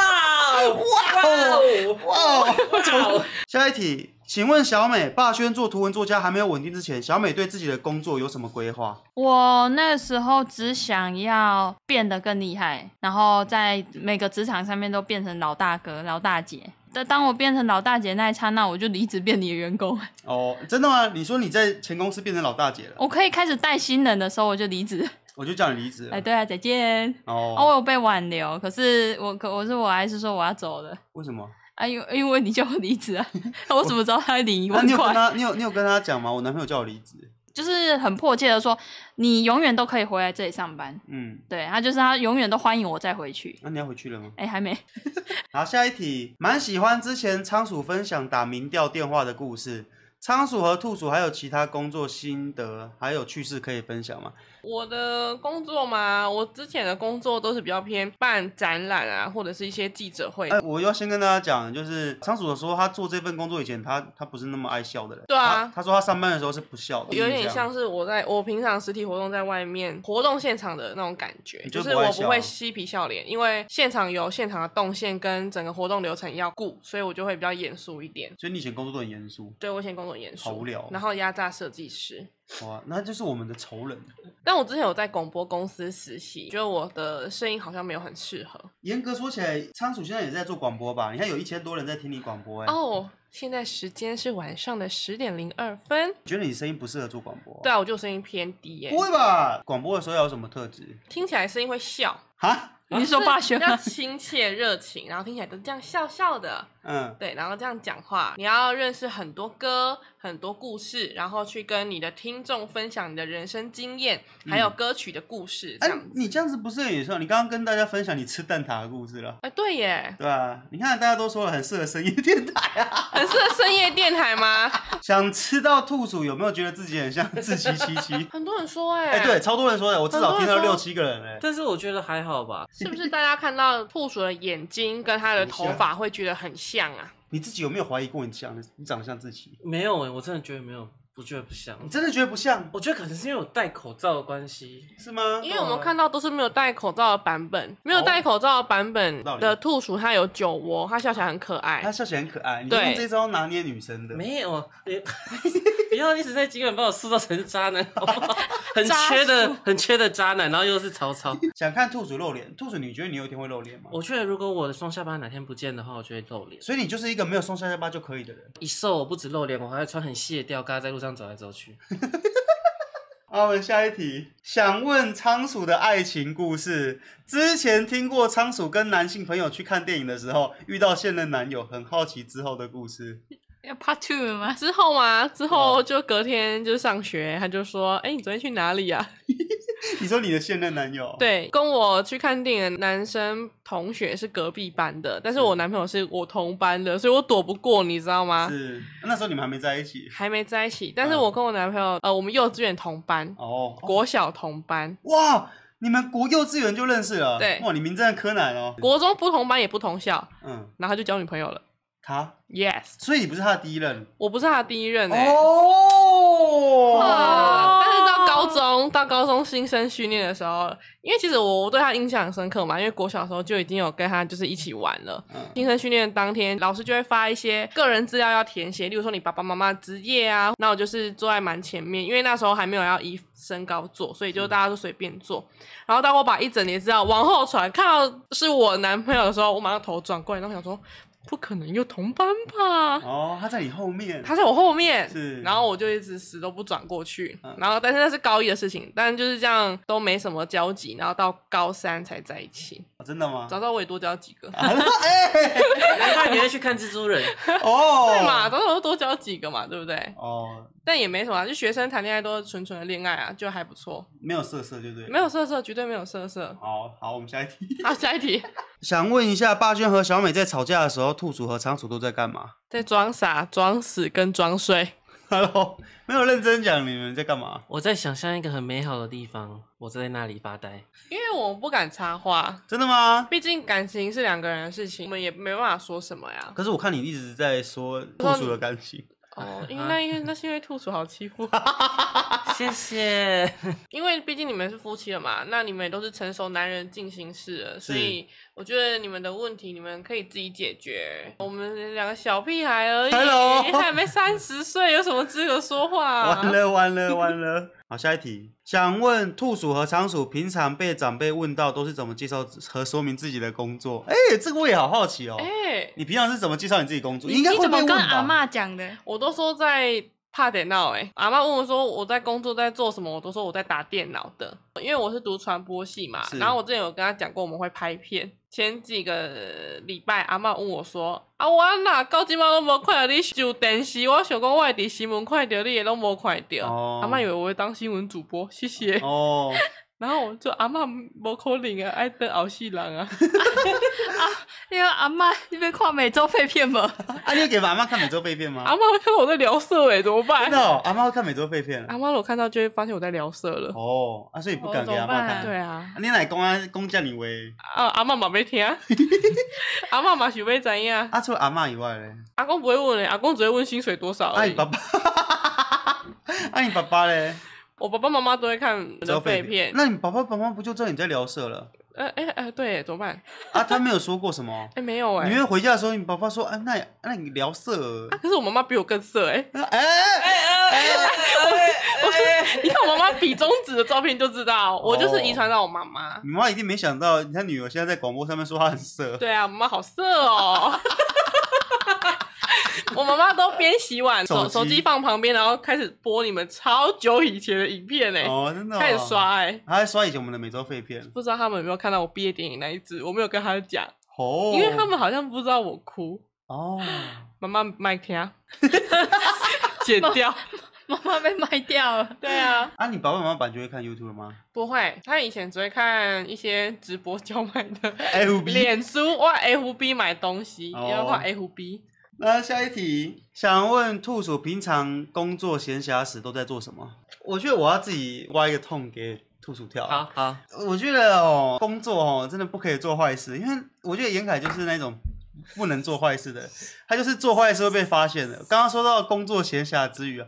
哇哇！我操！下一題。請問小美，霸軒做圖文作家還沒有穩定之前，小美對自己的工作有什麼規劃？我那時候只想要變得更厲害，然後在每個職場上面都變成老大哥、老大姐。但當我變成老大姐那一剎那，我就離職變你的員工。哦，真的嗎？你說你在前公司變成老大姐了？我可以開始帶新人的時候，我就離職，我就叫你離職。哎，對啊，再見哦。哦，我有被挽留，可是我可我是我還是說我要走了。為什麼？哎、啊、呦，因為你叫我離職啊， *laughs* 我怎麼知道他離一萬？你有跟他，你有你有跟他講嗎？我男朋友叫我離職，就是很迫切的說，你永遠都可以回來這裡上班。嗯，對，他就是他永遠都歡迎我再回去。那、啊、你要回去了嗎？哎、欸，還沒。 *laughs* 好，下一題，蠻喜歡之前倉鼠分享打民調電話的故事，倉鼠和兔鼠還有其他工作心得，還有趣事可以分享嗎？我的工作嘛，我之前的工作都是比較偏辦展覽啊，或者是一些記者會。哎，我要先跟大家講，就是倉鼠說他做這份工作以前，他他不是那麼愛笑的人。對啊，他，他說他上班的時候是不笑的。有點像是我在我平常實體活動，在外面活動現場的那種感覺，就，啊、就是我不會嬉皮笑臉，因為現場有現場的動線跟整個活動流程要顧，所以我就會比較嚴肅一點。所以你以前工作都很嚴肅。對，我以前工作很嚴肅。好無聊。然後壓榨設計師。好啊，那就是我們的仇人。但我之前有在廣播公司實習，覺得我的聲音好像沒有很適合。嚴格說起來，倉鼠現在也在做廣播吧？你看，有一千多人在聽你廣播哎、欸。哦、oh. 現在時間是晚上的十點零二分。覺得你聲音不適合做廣播、啊？對啊，我就聲音偏低耶、欸。不會吧？廣播的時候要有什麼特質？聽起來聲音會笑哈，你說話要親切熱情， *laughs* 然後聽起來都這樣笑笑的。嗯，對，然後這樣講話，你要認識很多歌、很多故事，然後去跟你的聽眾分享你的人生經驗、嗯，還有歌曲的故事這樣。哎、啊，你這樣子不是很適合，你剛剛跟大家分享你吃蛋撻的故事了。哎、欸，對耶。對啊，你看大家都說了很適合聲音電台啊。是深夜電台嗎？想吃到兔鼠，有沒有覺得自己很像志祺七七？ *laughs* 很多人說、欸，哎，哎，對，超多人說哎、欸，我至少聽到六七個人、欸。哎，但是我覺得還好吧。 *laughs* 是不是大家看到兔鼠的眼睛跟他的頭髮會覺得很像啊？你自己有沒有懷疑過你像你長得像志祺？沒有哎、欸，我真的覺得沒有。不覺得不像？你真的覺得不像？我覺得可能是因為我戴口罩的關係，是嗎？因為我們看到都是沒有戴口罩的版本，沒有戴口罩的版本的兔鼠，它有酒窩，它笑起來很可愛，它笑起來很可愛。你是用這招拿捏女生的？沒有，欸，你不要一直在今晚把我塑造成渣男， *laughs* *laughs* 很缺的，很缺的渣男，然後又是曹操。 *laughs* 想看兔鼠露臉？兔鼠，你覺得你有一天會露臉嗎？我覺得如果我的雙下巴哪天不見的話，我就會露臉。所以你就是一個沒有雙下巴就可以的人，一瘦我不止露臉，我還會穿很細的吊嘎在路上。這樣走來走去 *laughs* 。 *laughs* 好，我們下一題，想問倉鼠的愛情故事。之前聽過倉鼠跟男性朋友去看電影的時候遇到現任男友，很好奇之後的故事。 *laughs* 要 Part Two 了嗎？之後嘛，之後就隔天就上學，他就說：“哎、欸，你昨天去哪裡呀、啊？” *laughs* 你說你的現任男友？對，跟我去看電影，男生同學是隔壁班的，但是我男朋友是我同班的，所以我躲不過，你知道嗎？是，那時候你們還沒在一起，還沒在一起，但是我跟我男朋友、嗯，呃，我們幼稚園同班哦，國小同班、哦，哇，你們國幼稚園就認識了，對，哇，你名字很柯南哦。國中不同班也不同校，嗯，然後就交女朋友了。他 Yes，所以你不是他的第一任，我不是他的第一任哦、欸，oh uh, 但是到高中到高中新生訓練的時候，因為其實我對他印象很深刻嘛，因為國小的時候就已經有跟他就是一起玩了。嗯、新生訓練的當天，老師就會發一些個人資料要填寫，例如說你爸爸媽媽職業啊，那我就是坐在蠻前面，因為那時候還沒有要以身高坐，所以就大家都隨便坐、嗯。然後當我把一整疊資料往後傳，看到是我男朋友的時候，我馬上頭轉過來，然後想說。不可能又同班吧？哦，他在你後面，他在我後面，是，然後我就一直死都不轉過去、嗯。然後，但是那是高一的事情，但就是這樣都沒什麼交集。然後到高三才在一起。哦、真的嗎？早知道我也多交幾個。哈哈哈哈哈！難怪你會去看蜘蛛人哦， *laughs* *laughs* oh. 對嘛？早知道就多交幾個嘛，對不對？哦、oh.。但也沒什麼啊，就學生談戀愛都是純純的戀愛啊，就還不錯，沒有色色，就對，沒有色色，絕對沒有色色。好好，我們下一題，好，下一題， *laughs* 想問一下，霸軒和小美在吵架的時候，兔鼠和倉鼠都在幹嘛？在裝傻、裝死跟裝睡。Hello，沒有認真講，你們在幹嘛？我在想象一個很美好的地方，我坐在那裡發呆。因為我不敢插話。真的嗎？畢竟感情是兩個人的事情，我們也沒辦法說什麼呀。可是我看你一直在說兔鼠的感情。哦、oh, 嗯，因為那因為、嗯、那是因為兔鼠好欺負。 *laughs* 謝謝，因為畢竟你們是夫妻了嘛，那你們也都是成熟男人進行式了，所以我覺得你們的問題你們可以自己解決。我們兩個小屁孩而已，Hello! 還沒三十歲，有什麼資格說話？完了完了完了！完了 *laughs* 好，下一題，想問兔鼠和倉鼠平常被長輩問到都是怎麼介紹和說明自己的工作？哎、欸，這個我也好好奇哦。哎、欸，你平常是怎麼介紹你自己工作？應該你怎麼跟阿嬤講的？我都說在。怕得鬧欸！阿嬤問我說：“我在工作，在做什麼？”我都說我在打電腦的，因為我是讀傳播系嘛。然後我之前有跟她講過，我們會拍片。前幾個禮拜，阿嬤問我說：“啊，我哪到今媽都無看到你上電視，我想講外地新聞看到你也攏無看到。看到” oh. 阿嬤以為我會當新聞主播，謝謝。Oh. 然後我就阿媽不可能啊，愛得熬死人 *laughs* 啊。啊，那個阿媽，你沒看美洲廢片嗎？啊你有給阿媽看美洲廢片嗎？阿媽看我在聊色哎、欸，怎麼辦？真的、哦，阿媽看美洲廢片阿媽，我看到就會發現我在聊色了。哦，啊所以不敢給阿媽看？對、哦、啊，你哪會講安講這麼話？啊，阿媽嘛沒聽， *laughs* 阿媽嘛想要知影。啊，除了阿媽以外嘞，阿公不會問的、欸，阿公只會問薪水多少阿姨而已。阿、啊、你爸爸嘞。 *laughs* 啊我爸爸、媽媽都會看的廢片，那你爸爸、媽媽不就知道你在聊色了？哎、呃、哎，哎、欸呃，對，怎麼辦？ *laughs* 啊，他沒有說過什麼，哎、欸，沒有哎。你沒有回家的時候，你爸爸說，哎、啊，那你那你聊色？啊、可是我媽媽比我更色哎。哎哎哎哎哎！我，你看我媽媽比中指的照片就知道，哦、我就是遺傳到我媽媽。你媽一定沒想到，你看女兒現在在廣播上面說她很色。對啊，我媽好色哦。 *laughs* *laughs* 我媽媽都邊洗碗，手機手,手機放旁邊，然後開始播你們超久以前的影片哎，哦真的哦，開始刷哎，她在刷以前我們的美洲廢片，不知道他們有沒有看到我畢業電影那一次我沒有跟他講，哦，因為他們好像不知道我哭，哦，媽媽麥聽， *laughs* 剪掉媽媽，媽媽被賣掉了，對啊，啊你爸爸媽媽本來就會看 YouTube 了嗎？不會，他以前只會看一些直播叫賣的，臉書哇，FB 買東西，因為怕 FB。有那下一題，想問兔鼠平常工作閒暇時都在做什麼？我覺得我要自己挖一個洞，給兔鼠跳。好，好，我覺得哦、喔，工作哦、喔，真的不可以做壞事，因為我覺得閆凱就是那種不能做壞事的，他就是做壞事會被發現的。剛剛說到工作閒暇之餘啊，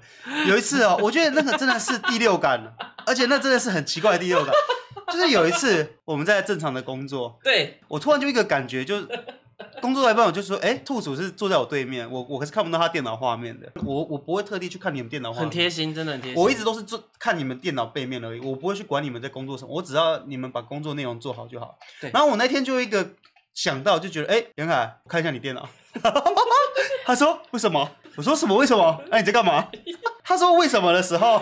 有一次哦、喔，我覺得那個真的是第六感了， *laughs* 而且那真的是很奇怪的第六感，就是有一次我們在正常的工作，對，我突然就一個感覺就。工作的時候，就是說，哎、欸，兔鼠是坐在我對面，我我可是看不到他電腦畫面的，我我不會特地去看你們電腦畫面。很貼心，真的很貼心。我一直都是做看你們電腦背面而已，我不會去管你們在工作什麼，我只要你們把工作內容做好就好。對。然後我那天就有一個想到，就覺得，哎、欸，楊凱，我看一下你電腦。 *laughs* 他說為什麼？我說什麼為什麼？哎，你在幹嘛？ *laughs* 他說為什麼的時候，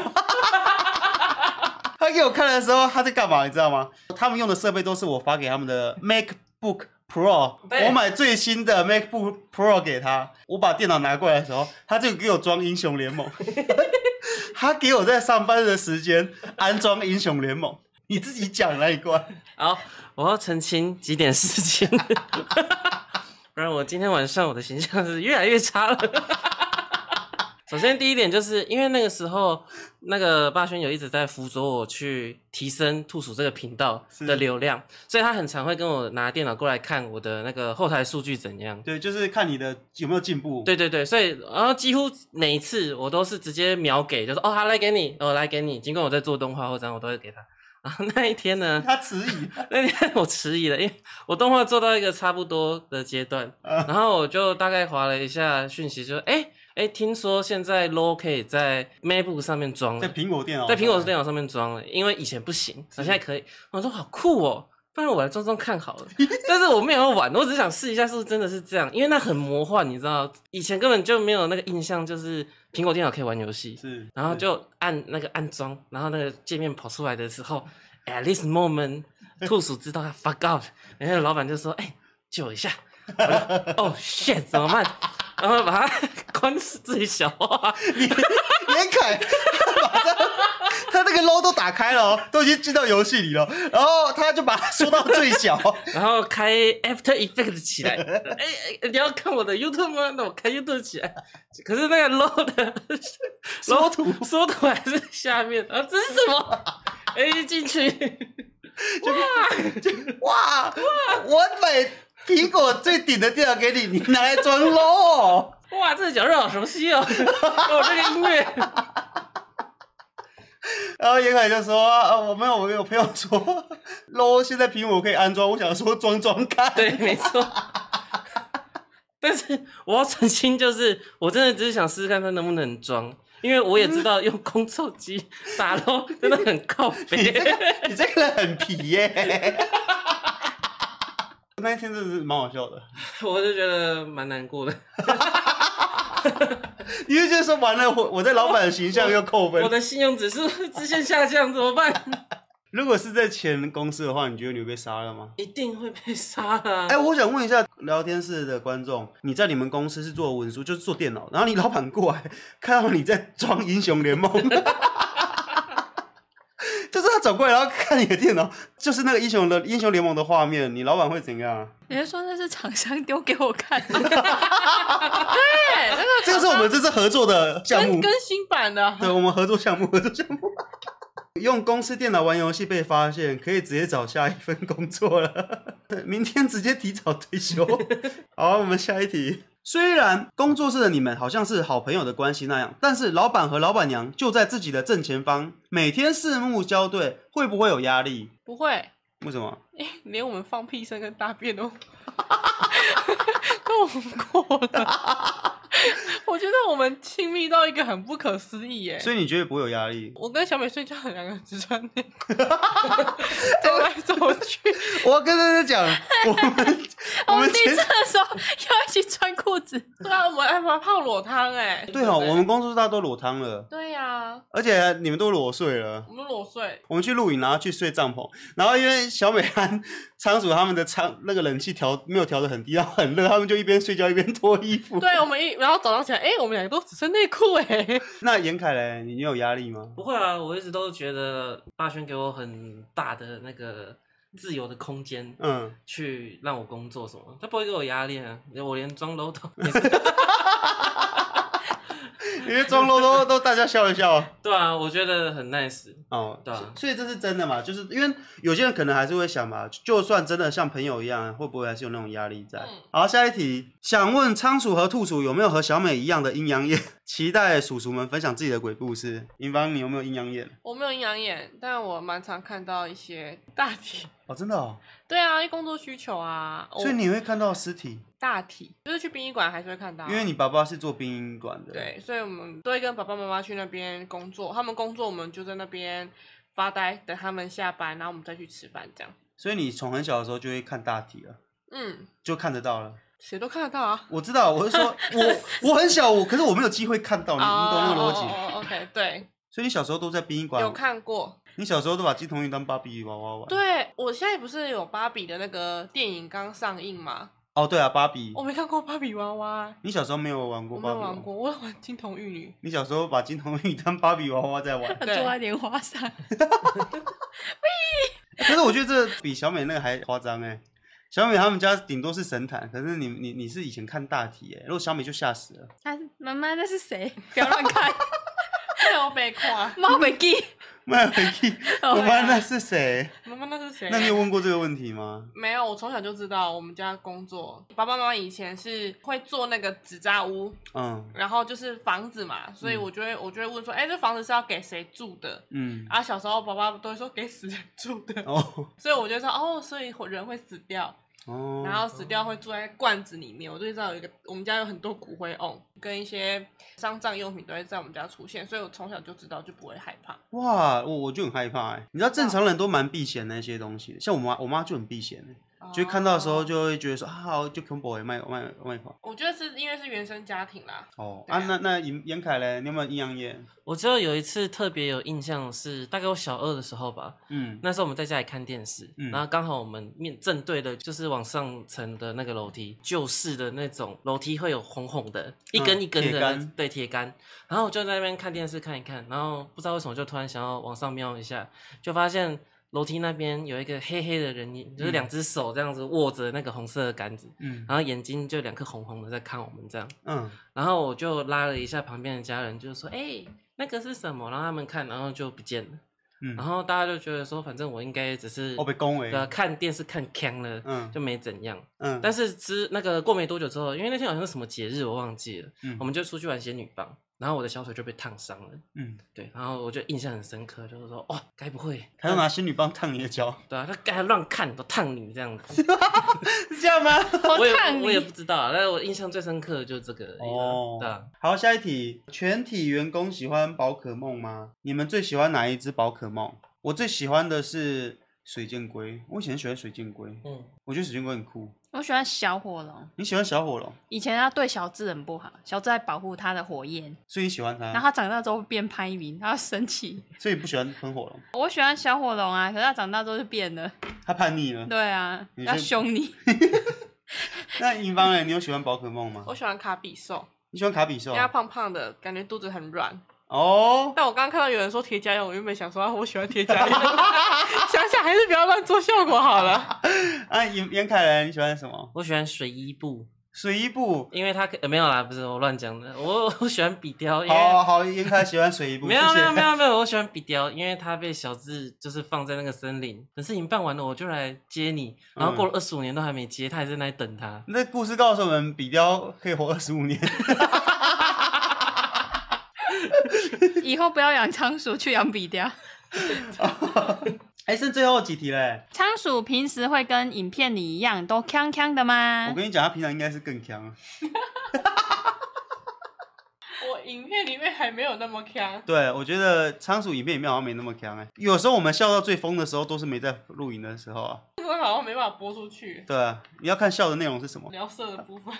*laughs* 他給我看的時候，他在幹嘛？你知道嗎？他們用的設備都是我發給他們的 MacBook。Pro，我買最新的 MacBook Pro 給他。我把電腦拿過來的時候，他就給我裝英雄聯盟。 *laughs* 他給我在上班的時間安裝英雄聯盟，你自己講那一關。好，我要澄清幾點事情， *laughs* 不然我今天晚上我的形象是越來越差了。 *laughs* 首先，第一點就是因為那個時候，那個霸軒有一直在輔佐我去提升兔鼠這個頻道的流量，所以他很常會跟我拿電腦過來看我的那個後台數據怎樣。對，就是看你的有沒有進步。對對對，所以然後幾乎每一次我都是直接秒給，就說、是、哦，他、啊、來給你，我、哦、來給你。儘管我在做動畫或者怎樣，我都會給他。然後那一天呢？他遲疑。 *laughs* 那天我遲疑了，因為我動畫做到一個差不多的階段，呃，然後我就大概劃了一下訊息就，就說哎。哎，聽說現在 Low 可以在 MacBook 上面裝了，在蘋果電腦，在蘋果電腦上面裝了，因為以前不行，現在可以。我說好酷哦，不然我來裝裝看好了。 *laughs* 但是我沒有玩，我只想試一下是不是真的是這樣，因為那很魔幻，你知道，以前根本就沒有那個印象，就是蘋果電腦可以玩遊戲。是，然後就按那個安裝，然後那個界面跑出來的時候，at this moment，兔 *laughs* 鼠知道他 fuck out，然後老闆就說，哎，救我一下。哦、 *laughs* oh，，shit，怎麼辦？ *laughs* 然後把它關最小啊，連連開，他他那個 low 都打開了哦，都已經進到遊戲裡了。然後他就把它縮到最小， *laughs* 然後開 After Effect 起來。哎，哎，你要看我的 YouTube 嗎？那我開 YouTube 起來。可是那個 low 的 low 圖 *laughs* 縮圖還在下面啊？這是什麼？ *laughs* 哎，進去！哇哇哇！完美！蘋果最頂的電腦給你，你拿來裝嘍！ *laughs* 哇，這個、角色好熟悉哦！我、 *laughs* 哦、這個音樂， *laughs* 然後嚴凱就說：“呃、哦，我們我沒有朋友說，嘍，現在蘋果可以安裝，我想說裝裝看。 *laughs* ”對，沒錯。 *laughs* 但是我要澄清，就是我真的只是想試試看他能不能裝，因為我也知道用工作機打嘍真的很靠北、 *laughs* 這個，你這個人很皮耶、欸。 *laughs* 那天真是蠻好笑的，我就覺得蠻難過的， *laughs* *laughs* 因為就是說完了，我我在老闆的形象又扣分我我，我的信用指數直線下降，怎麼辦？ *laughs* 如果是在前公司的話，你覺得你會被殺了嗎？一定會被殺啊！哎、欸，我想問一下聊天室的觀眾，你在你們公司是做文書，就是做電腦，然後你老闆過來看到你在裝英雄聯盟。 *laughs* 就是他走過來，然後看你的電腦，就是那個英雄的英雄聯盟的畫面，你老闆會怎樣？人家說那是廠商丟給我看 *laughs* *laughs* *laughs* 對。的。這個這個是我們這次合作的項目，更新版的。對，我們合作項目，合作項目。 *laughs* 用公司電腦玩遊戲被發現，可以直接找下一份工作了。 *laughs* 明天直接提早退休。 *laughs* 好，我們下一題。雖然工作室的你們好像是好朋友的關係那樣，但是老板和老板娘就在自己的正前方，每天四目交對，會不會有壓力？不會，為什麼？欸、連我們放屁聲跟大便都哈哈哈哈哈， *laughs* *laughs* 過了。 *laughs* 我覺得我們親密到一個很不可思議耶、欸。所以你覺得不會有壓力？我跟小美睡覺很個，兩個人只穿內褲，走來走去。 *laughs* 我跟大家講，我們 *laughs* 我們第一次的時候 *laughs* 要一起穿。 *laughs* 對啊，我們還泡裸湯哎、欸。對吼、哦，我們公司大家都裸湯了。對呀、啊，而且你們都裸睡了。我們都裸睡。我們去露營，然後去睡帳篷，然後因為小美安倉鼠他們的倉那個冷氣調沒有調得很低，然後很熱，他們就一邊睡覺一邊脫衣服。對，我們一然後早上起來，哎、欸，我們兩個都只剩內褲哎。那嚴凱嘞，你有壓力嗎？不會啊，我一直都覺得霸軒給我很大的那個。自由的空間，嗯，去讓我工作什麼，他不會給我壓力啊，我連裝樓都沒事。 *laughs* *laughs* 因為裝 low 都 *laughs* 都大家笑一笑，啊，對啊，我覺得很 nice 哦，對啊，所以這是真的嘛？就是因為有些人可能還是會想嘛，就算真的像朋友一樣，啊，會不會還是有那種壓力在，嗯？好，下一題，想問倉鼠和兔鼠有沒有和小美一樣的陰陽眼？ *laughs* 期待鼠鼠們分享自己的鬼故事。銀芳，你有沒有陰陽眼？我沒有陰陽眼，但我蠻常看到一些大體哦，真的哦？對啊，因為工作需求啊。所以你會看到屍體？大體就是去殯儀館還是會看到。啊，因為你爸爸是做殯儀館的，對，所以我們都會跟爸爸媽媽去那邊工作。他們工作，我們就在那邊發呆，等他們下班，然後我們再去吃飯。這樣，所以你從很小的時候就會看大體了，嗯，就看得到了，誰都看得到啊。我知道，我是說 *laughs* 我我很小，我可是我沒有機會看到， *laughs* 你們懂這個邏輯、uh, oh, oh,？OK，對。所以你小時候都在殯儀館有看過？你小時候都把金童玉女當芭比娃娃玩？對，我現在不是有芭比的那個電影剛上映嗎？哦，對啊，芭比。我沒看過芭比娃娃。你小時候沒有玩過？我沒有玩過，我玩金童玉女。你小時候把金童玉女當芭比娃娃在玩，做一點花傘。可 *laughs* *laughs* 是我覺得這比小美那個還誇張哎、欸！小美他們家頂多是神壇，可是你你你是以前看大體哎、欸，如果小美就嚇死了、啊。媽媽，那是誰？不要亂看，老被誇，貓被記。沒有回憶，媽媽那是誰？媽 *laughs* 媽那是誰？那你有問過這個問題嗎？沒有，我從小就知道我們家工作，爸爸媽媽以前是會做那個紙扎屋，嗯，然後就是房子嘛，所以我就會，我就會問說，哎、欸，這房子是要給誰住的？嗯，然、啊、後小時候爸爸都會說給死人住的，哦，所以我就說，哦，所以人會死掉。哦、然後死掉會住在罐子裡面，我就知道有一個，我們家有很多骨灰甕、哦、跟一些喪葬用品都會在，在我們家出現，所以我從小就知道就不會害怕。哇，我我就很害怕哎，你知道正常人都蠻避嫌那些東西，像我媽我媽就很避嫌哎。就看到的時候，就會覺得說啊好，就恐怖的，蠻我覺得是因為是原生家庭啦。哦、喔啊，啊，那那嚴嚴凱嘞，你有沒有陰陽眼？我記得有一次特別有印象是，是大概我小二的時候吧。嗯。那時候我們在家裡看電視，嗯、然後剛好我們面正對的，就是往上層的那個樓梯，舊式的那種樓梯會有紅紅的一根一根的、嗯、鐵桿對鐵桿，然後我就在那邊看電視看一看，然後不知道為什麼就突然想要往上瞄一下，就發現。樓梯那邊有一個黑黑的人影、嗯，就是兩隻手這樣子握着那個紅色的杆子，嗯，然後眼睛就兩顆紅紅的在看我們這樣，嗯，然後我就拉了一下旁邊的家人，就說、嗯，哎，那個是什麼？然後他們看，然後就不見了，嗯，然後大家就覺得說，反正我應該只是，哦被恭維，呃、啊，看電視看坑了，嗯，就沒怎樣，嗯，但是之那個過沒多久之後，因為那天好像是什麼節日，我忘記了，嗯、我們就出去玩仙女棒。然後我的小腿就被燙傷了。嗯，對，然後我就印象很深刻，就是說，哦，該不會他要拿仙女棒燙你的腳？嗯、對啊，他該亂看都燙你這樣子，是這樣嗎？ *laughs* 我也、哦、我，燙你我也不知道，但是我印象最深刻的就是這個。哦對、啊，好，下一題，全體員工喜歡寶可夢嗎？你們最喜歡哪一隻寶可夢？我最喜歡的是水箭龜，我以前喜歡水箭龜。嗯，我覺得水箭龜很酷。我喜歡小火龍。你喜歡小火龍？以前它對小智很不好，小智在保護它的火焰，所以你喜歡它。然後它長大之後變拍一鳴它要生氣，所以不喜歡噴火龍。我喜歡小火龍啊，可是它長大之後就變了，它叛逆了。對啊，他凶你。 *laughs* *laughs* 那銀芳，耶，你有喜歡寶可夢嗎？ *laughs* 我喜歡卡比獸，你喜歡卡比獸？它胖胖的，感覺肚子很軟。哦、oh? 但我剛剛看到有人說鐵甲蛹，我原本想說啊，我喜歡鐵甲蛹。 *laughs* *laughs* 想想還是不要亂做效果好了。哎、 *laughs* 啊，嚴嚴凱倫，你喜歡什麼？我喜歡水伊布。水伊布？因為他沒有啦，不是我亂講的。我我喜歡比雕，哦，好好，嚴凱他喜歡水伊布。 *laughs* 沒有沒有沒有沒有，我喜歡比雕，因為他被小智就是放在那個森林，等事情辦完了我就來接你，然後過了二十五年都還沒接，他還在那裡等他。嗯、那個、故事告訴我們，比雕可以活二十五年。 *laughs* 以後不要養倉鼠，去養比雕。哎， *laughs* *laughs* 還剩最後幾題嘞。倉鼠平時會跟影片裡一樣都嗆嗆的嗎？我跟你講，它平常應該是更嗆。 *laughs* *laughs* 我影片裡面還沒有那麼嗆。對，我覺得倉鼠影片裡面好像沒那麼嗆哎。有時候我們笑到最瘋的時候，都是沒在錄影的時候啊。我好像沒辦法播出去。對啊，你要看笑的內容是什麼？聊色的部分。 *laughs*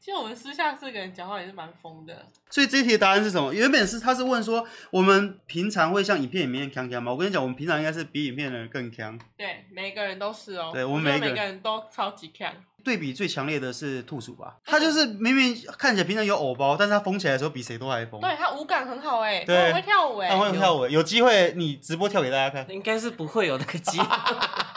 其實我們私下四個人講話也是蠻瘋的。所以這一題的答案是什麼？原本是他是問說，我們平常會像影片裡面強強嗎？我跟你講，我們平常應該是比影片的人更強。對，每個人都是哦。對，我們每個人，我每個人都超級強。對比最強烈的是兔鼠吧，他就是明明看起來平常有偶包，但是他瘋起來的時候比誰都還瘋。對，他舞感很好哎、欸，他會跳舞哎、欸。他會跳舞、欸，有機會你直播跳給大家看。應該是不會有那個機會。 *laughs* *laughs*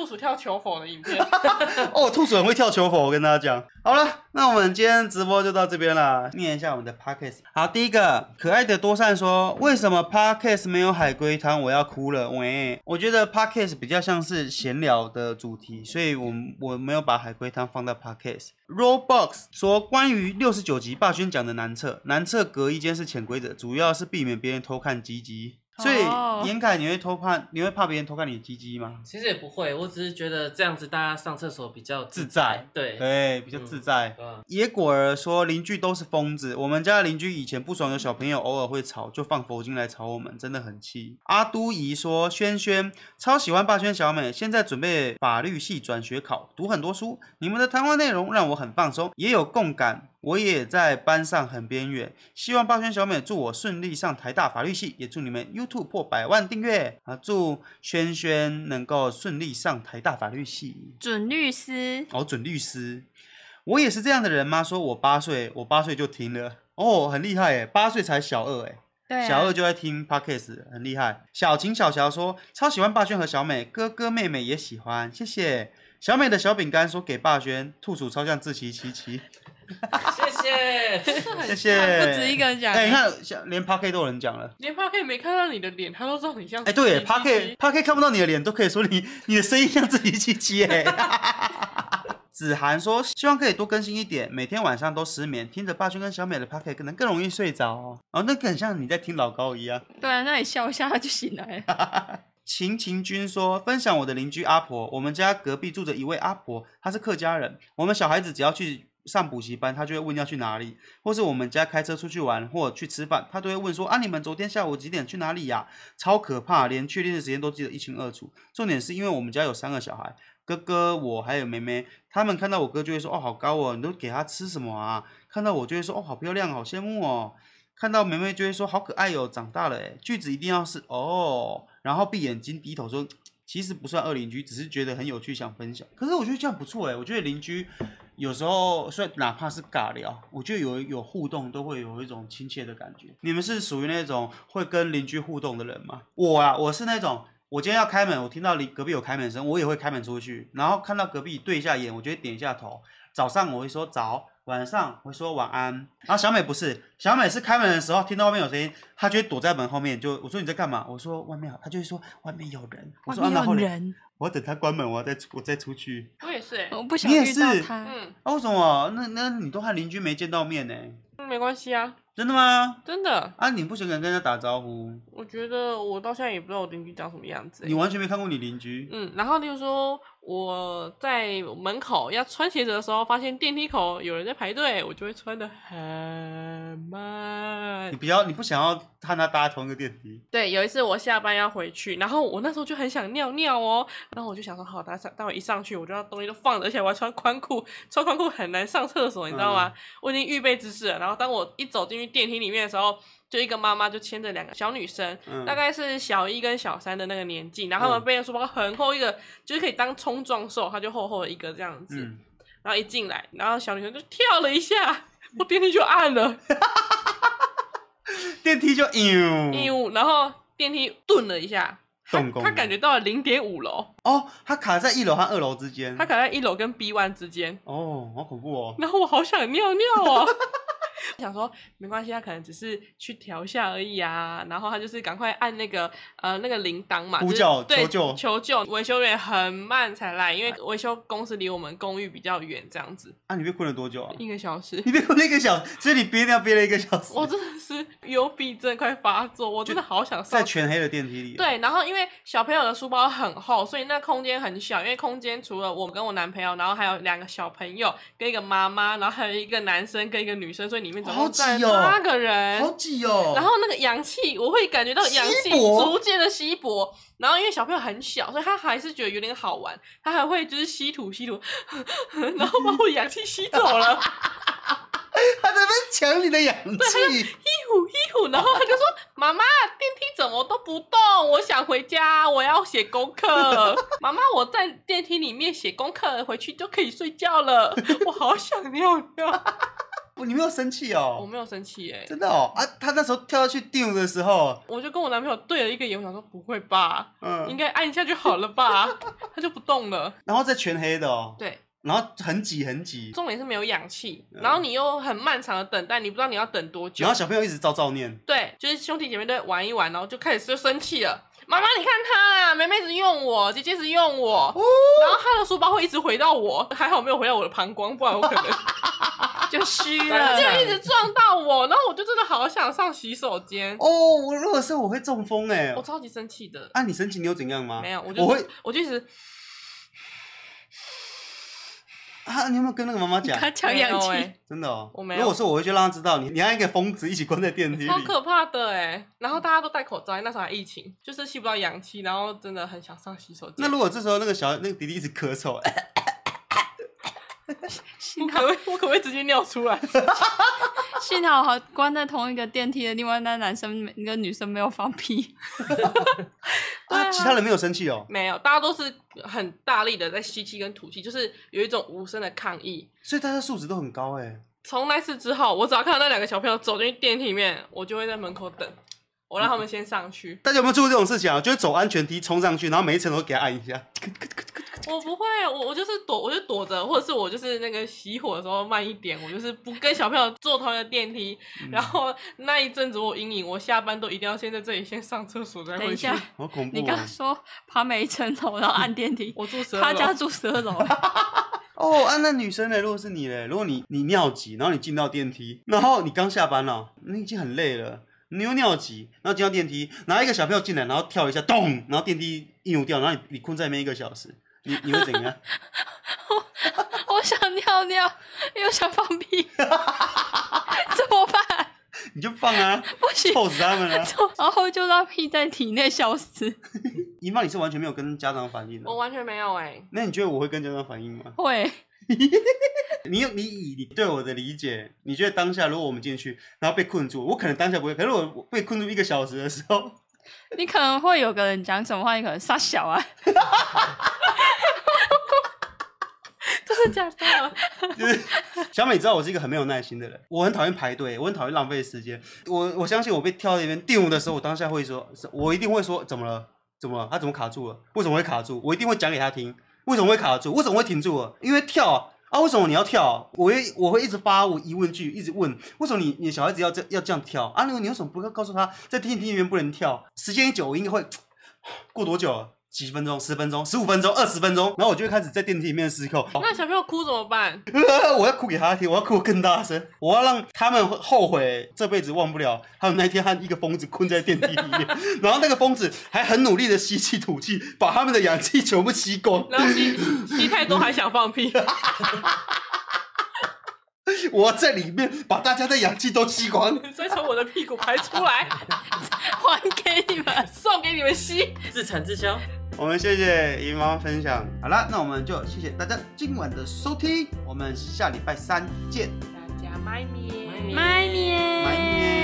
兔鼠跳球否的影片 *laughs* 哦，兔鼠很會跳球否，我跟大家講好了，那我們今天直播就到這邊了。念一下我們的 Podcast。好，第一個可愛的多善說，為什麼 Podcast 沒有海龜湯？我要哭了喂！我覺得 Podcast 比較像是閒聊的主題，所以我，我我沒有把海龜湯放到 Podcast。Robux 說，關於六十九集霸軒講的男廁，男廁隔一間是潛規則，主要是避免別人偷看雞雞。所以顏凱你會偷看，你會怕別人偷看你的雞雞嗎？其實也不會，我只是覺得這樣子大家上廁所比較自在。自在對對、嗯，比較自在。野果兒說鄰居都是瘋子、嗯啊、子，我們家鄰居以前不爽有小朋友偶爾會吵，就放佛經來吵我們，真的很氣。阿都姨說萱萱超喜歡霸軒小美，現在準備法律系轉學考，讀很多書。你們的談話內容讓我很放鬆，也有共感。我也在班上很邊緣，希望霸軒、小美祝我順利上台大法律系，也祝你們 YouTube 破百萬訂閱啊！祝軒軒能夠順利上台大法律系，準律師哦，準律師，我也是這樣的人嗎？說我八歲，我八歲就聽了哦，很厲害誒，八歲才小二誒，對啊，小二就在聽 Podcast，很厲害。小晴、小喬說超喜歡霸軒和小美，哥哥妹妹也喜歡，謝謝小美的小餅乾說給霸軒，兔鼠超像志祺七七。 *laughs* *laughs* 謝謝， *laughs* 謝謝，不止一個人講，你、欸欸、看，連 Parky 都有人講了，連 Parky 沒看到你的臉，他都知道像七七，哎、欸，對，Parky，Parky 看不到你的臉，都可以說你，你的聲音像自己七七、欸，哎，子涵說，希望可以多更新一點，每天晚上都失眠，聽着霸軒跟小美的 Parky，可能更容易睡着哦。哦，那更像你在聽老高一樣、啊，對啊，那你笑一下，他就醒來。 *laughs* 秦晴君說，分享我的鄰居阿婆，我們家隔壁住着一位阿婆，她是客家人，我們小孩子只要去。上補習班，他就會問要去哪裡，或是我們家開車出去玩，或者去吃飯，他都會問說：啊，你們昨天下午幾點去哪裡呀、啊？超可怕，連確定的時間都記得一清二楚。重點是因為我們家有三個小孩，哥哥、我還有妹妹，他們看到我哥就會說：哦，好高哦，你都給他吃什麼啊？看到我就會說：哦，好漂亮，好羨慕哦。看到妹妹就會說：好可愛喲、哦，長大了哎。句子一定要是哦，然後閉眼睛低頭說：其實不算惡鄰居，只是覺得很有趣，想分享。可是我覺得這樣不錯耶，我覺得鄰居。有時候，所以哪怕是尬聊，我就有有互動，都會有一種親切的感覺。你們是屬於那種會跟鄰居互動的人嗎？我啊，我是那種，我今天要開門，我聽到鄰隔壁有開門聲，我也會開門出去，然後看到隔壁對一下眼，我就會點一下頭。早上我會說早，晚上我會說晚安。然後小美不是，小美是開門的時候聽到外面有聲音，她就會躲在門後面。就我說你在幹嘛？我說外面好，她就會說外面有人。外面有人。我要等他關門，我要再我再出去。我也是、欸，我不想遇到他。嗯，啊，為什麼？那那你都和鄰居沒見到面呢、欸？嗯，沒關係啊。真的嗎？真的。啊，你不喜歡跟跟人家打招呼？我覺得我到現在也不知道我鄰居長什麼樣子、欸。你完全沒看過你鄰居？嗯。然後，例如說我在門口要穿鞋子的時候，發現電梯口有人在排隊，我就會穿得很慢。你不要，你不想要？看他搭同一個電梯。對，有一次我下班要回去，然後我那時候就很想尿尿哦，然後我就想說好，待會待會一上去，我就讓東西都放着，而且我還穿寬褲，穿寬褲很難上廁所，你知道嗎、嗯？我已經預備姿勢了。然後當我一走進去電梯裡面的時候，就一個媽媽就牽着兩個小女生，嗯、大概是小一跟小三的那個年紀，然後他們背着書包很厚一個，就是可以當衝撞獸，她就厚厚的一個這樣子、嗯。然後一進來，然後小女生就跳了一下，我電梯就按了。哈哈哈。 *laughs* 電梯就嗚，然後電梯頓了一下，他、他感覺到了零點五樓哦，oh, 他卡在一樓和二樓之間，他卡在一樓跟 B one 之間哦，oh, 好恐怖哦，然後我好想尿尿哦 *laughs* 想說沒關係，他可能只是去調下而已啊。然後他就是趕快按那個呃那個鈴鐺嘛，呼、就是、叫求救，求救。維修員很慢才來，因為維修公司離我們公寓比較遠，這樣子。啊，你被困了多久啊？一個小時。你被困了一個小時，所以你憋尿憋了一個小時。我真的是幽閉症，快發作，我真的好想上在全黑的電梯裡。對，然後因為小朋友的書包很厚，所以那空間很小。因為空間除了我跟我男朋友，然後還有兩個小朋友跟一個媽媽，然後還有一個男生跟一個女生，所以裡面。好擠哦，八個人，好擠哦,哦。然後那個氧氣，我會感覺到氧氣逐漸的稀薄,薄。然後因為小朋友很小，所以他還是覺得有點好玩。他還會就是吸土吸土，然後把我氧氣吸走了。 *laughs* 他在那搶你的氧氣，對，他就呼呼。然後他就說：“ *laughs* 媽媽，電梯怎麼都不動？我想回家，我要寫功課。媽媽，我在電梯裡面寫功課，回去就可以睡覺了。我好想尿尿。 *laughs* ”你沒有生氣哦，喔，我沒有生氣哎、欸，真的哦、喔、啊！他那時候跳下去掉的時候，我就跟我男朋友對了一個眼，我想說不會吧，嗯，應該按一下就好了吧， *laughs* 他就不動了，然後再全黑的哦、喔，對，然後很擠很擠，重點是沒有氧氣、嗯，然後你又很漫長的等待，你不知道你要等多久，然後小朋友一直照照念，對，就是兄弟姐妹都在玩一玩，然後就開始就生氣了。媽媽，你看他，妹妹一直用我，姐姐一直用我、哦，然後她的書包會一直回到我，還好沒有回到我的膀胱，不然我可能就虛了， *laughs* 就一直撞到我，然後我就真的好想上洗手間。哦，我如果是我會中風哎，我超級生氣的。啊，你生氣你有怎樣嗎？沒有，我，、就是、我會，我就一直。啊、你有沒有跟那個媽媽講？搶氧氣，真的哦、喔。我沒有。如果說我會去讓他知道，你你要一個瘋子一起關在電梯裡。好可怕的哎、欸！然後大家都戴口罩，那時候還疫情，就是吸不到氧氣，然後真的很想上洗手間。那如果這時候那個小那個弟弟一直咳嗽，我 *laughs* *laughs* 可我可，可，不可以直接尿出來。 *laughs* 幸好和關在同一個電梯的另外那男生跟女生沒有放屁。 *laughs* *laughs* 那其他人沒有生氣哦、哎，沒有，大家都是很大力的在吸氣跟吐氣，就是有一種無聲的抗議。所以大家素質都很高哎、欸。從那次之後，我只要看到那兩個小朋友走進電梯裡面，我就會在門口等，我讓他們先上去。嗯、大家有沒有做過這種事情啊？就是走安全梯衝上去，然後每一層都給他按一下。 *laughs* 我不會，我我就是躲，我就躲着，或者是我就是那個熄火的時候慢一點，我就是不跟小朋友坐同一個電梯。嗯、然後那一陣子我陰影，我下班都一定要先在這裡先上廁所再回去。等一下，好恐怖哦、你剛說爬每一層樓，然後按電梯，嗯、我住十二樓，他家住十二樓。哦、 *laughs* *laughs* *laughs* oh, 啊，按那女生嘞，如果是你嘞，如果你你尿急，然後你進到電梯，嗯、然後你剛下班了，你已經很累了，你又尿急，然後進到電梯，拿一個小朋友進來，然後跳一下咚，然後電梯一扭掉，然後你你困在裡面一個小時。你你會怎樣、啊 *laughs* 我，我想尿尿，又想放屁， *laughs* 怎麼辦、啊？你就放啊！不行，臭死他們啊臭，然後就讓屁在體內消失。 *laughs* 姨媽，你是完全沒有跟家長反映的？我完全沒有哎、欸。那你覺得我會跟家長反映嗎？會。 *laughs* 你你你，你對我的理解，你覺得當下如果我們進去，然後被困住，我可能當下不會，可是如果我被困住一個小時的時候， *laughs* 你可能會有個人講什麼話，你可能傻笑啊。 *laughs* 真的假？就是小美，你知道我是一個很沒有耐心的人，我很討厭排隊，我很討厭浪費時間。我我相信，我被跳那邊定舞的時候，我當下會說，我一定會說，怎麼了？怎麼了？他、啊、怎麼卡住了？為什麼會卡住？我一定會講給他聽，為什麼會卡住？為什麼會停住了？因為跳啊，啊！為什麼你要跳？我會我會一直發我疑問句，一直問為什麼你你小孩子要這要這樣跳啊？你你為什麼不告訴他，在聽音聽裡面不能跳？時間一久，我應該會、呃、過多久、啊？幾分鐘、十分鐘、十五分鐘、二十分鐘，然後我就開始在電梯裡面失控。那小朋友哭怎麼辦？呃，我要哭給他聽，我要哭更大聲，我要讓他們後悔這輩子忘不了。他們那天和一個瘋子困在電梯裡面， *laughs* 然後那個瘋子還很努力的吸氣吐氣，把他們的氧氣全部吸光。然後吸 *laughs* 吸太多還想放屁？ *laughs* *laughs* 我在裡面把大家的氧氣都吸光， *laughs* 所以從我的屁股排出來， *laughs* 還給你們，送給你們吸，自產自銷。我們謝謝姨媽分享。好啦，那我們就謝謝大家今晚的收聽。我們下禮拜三見。大家賣面，賣面，賣面。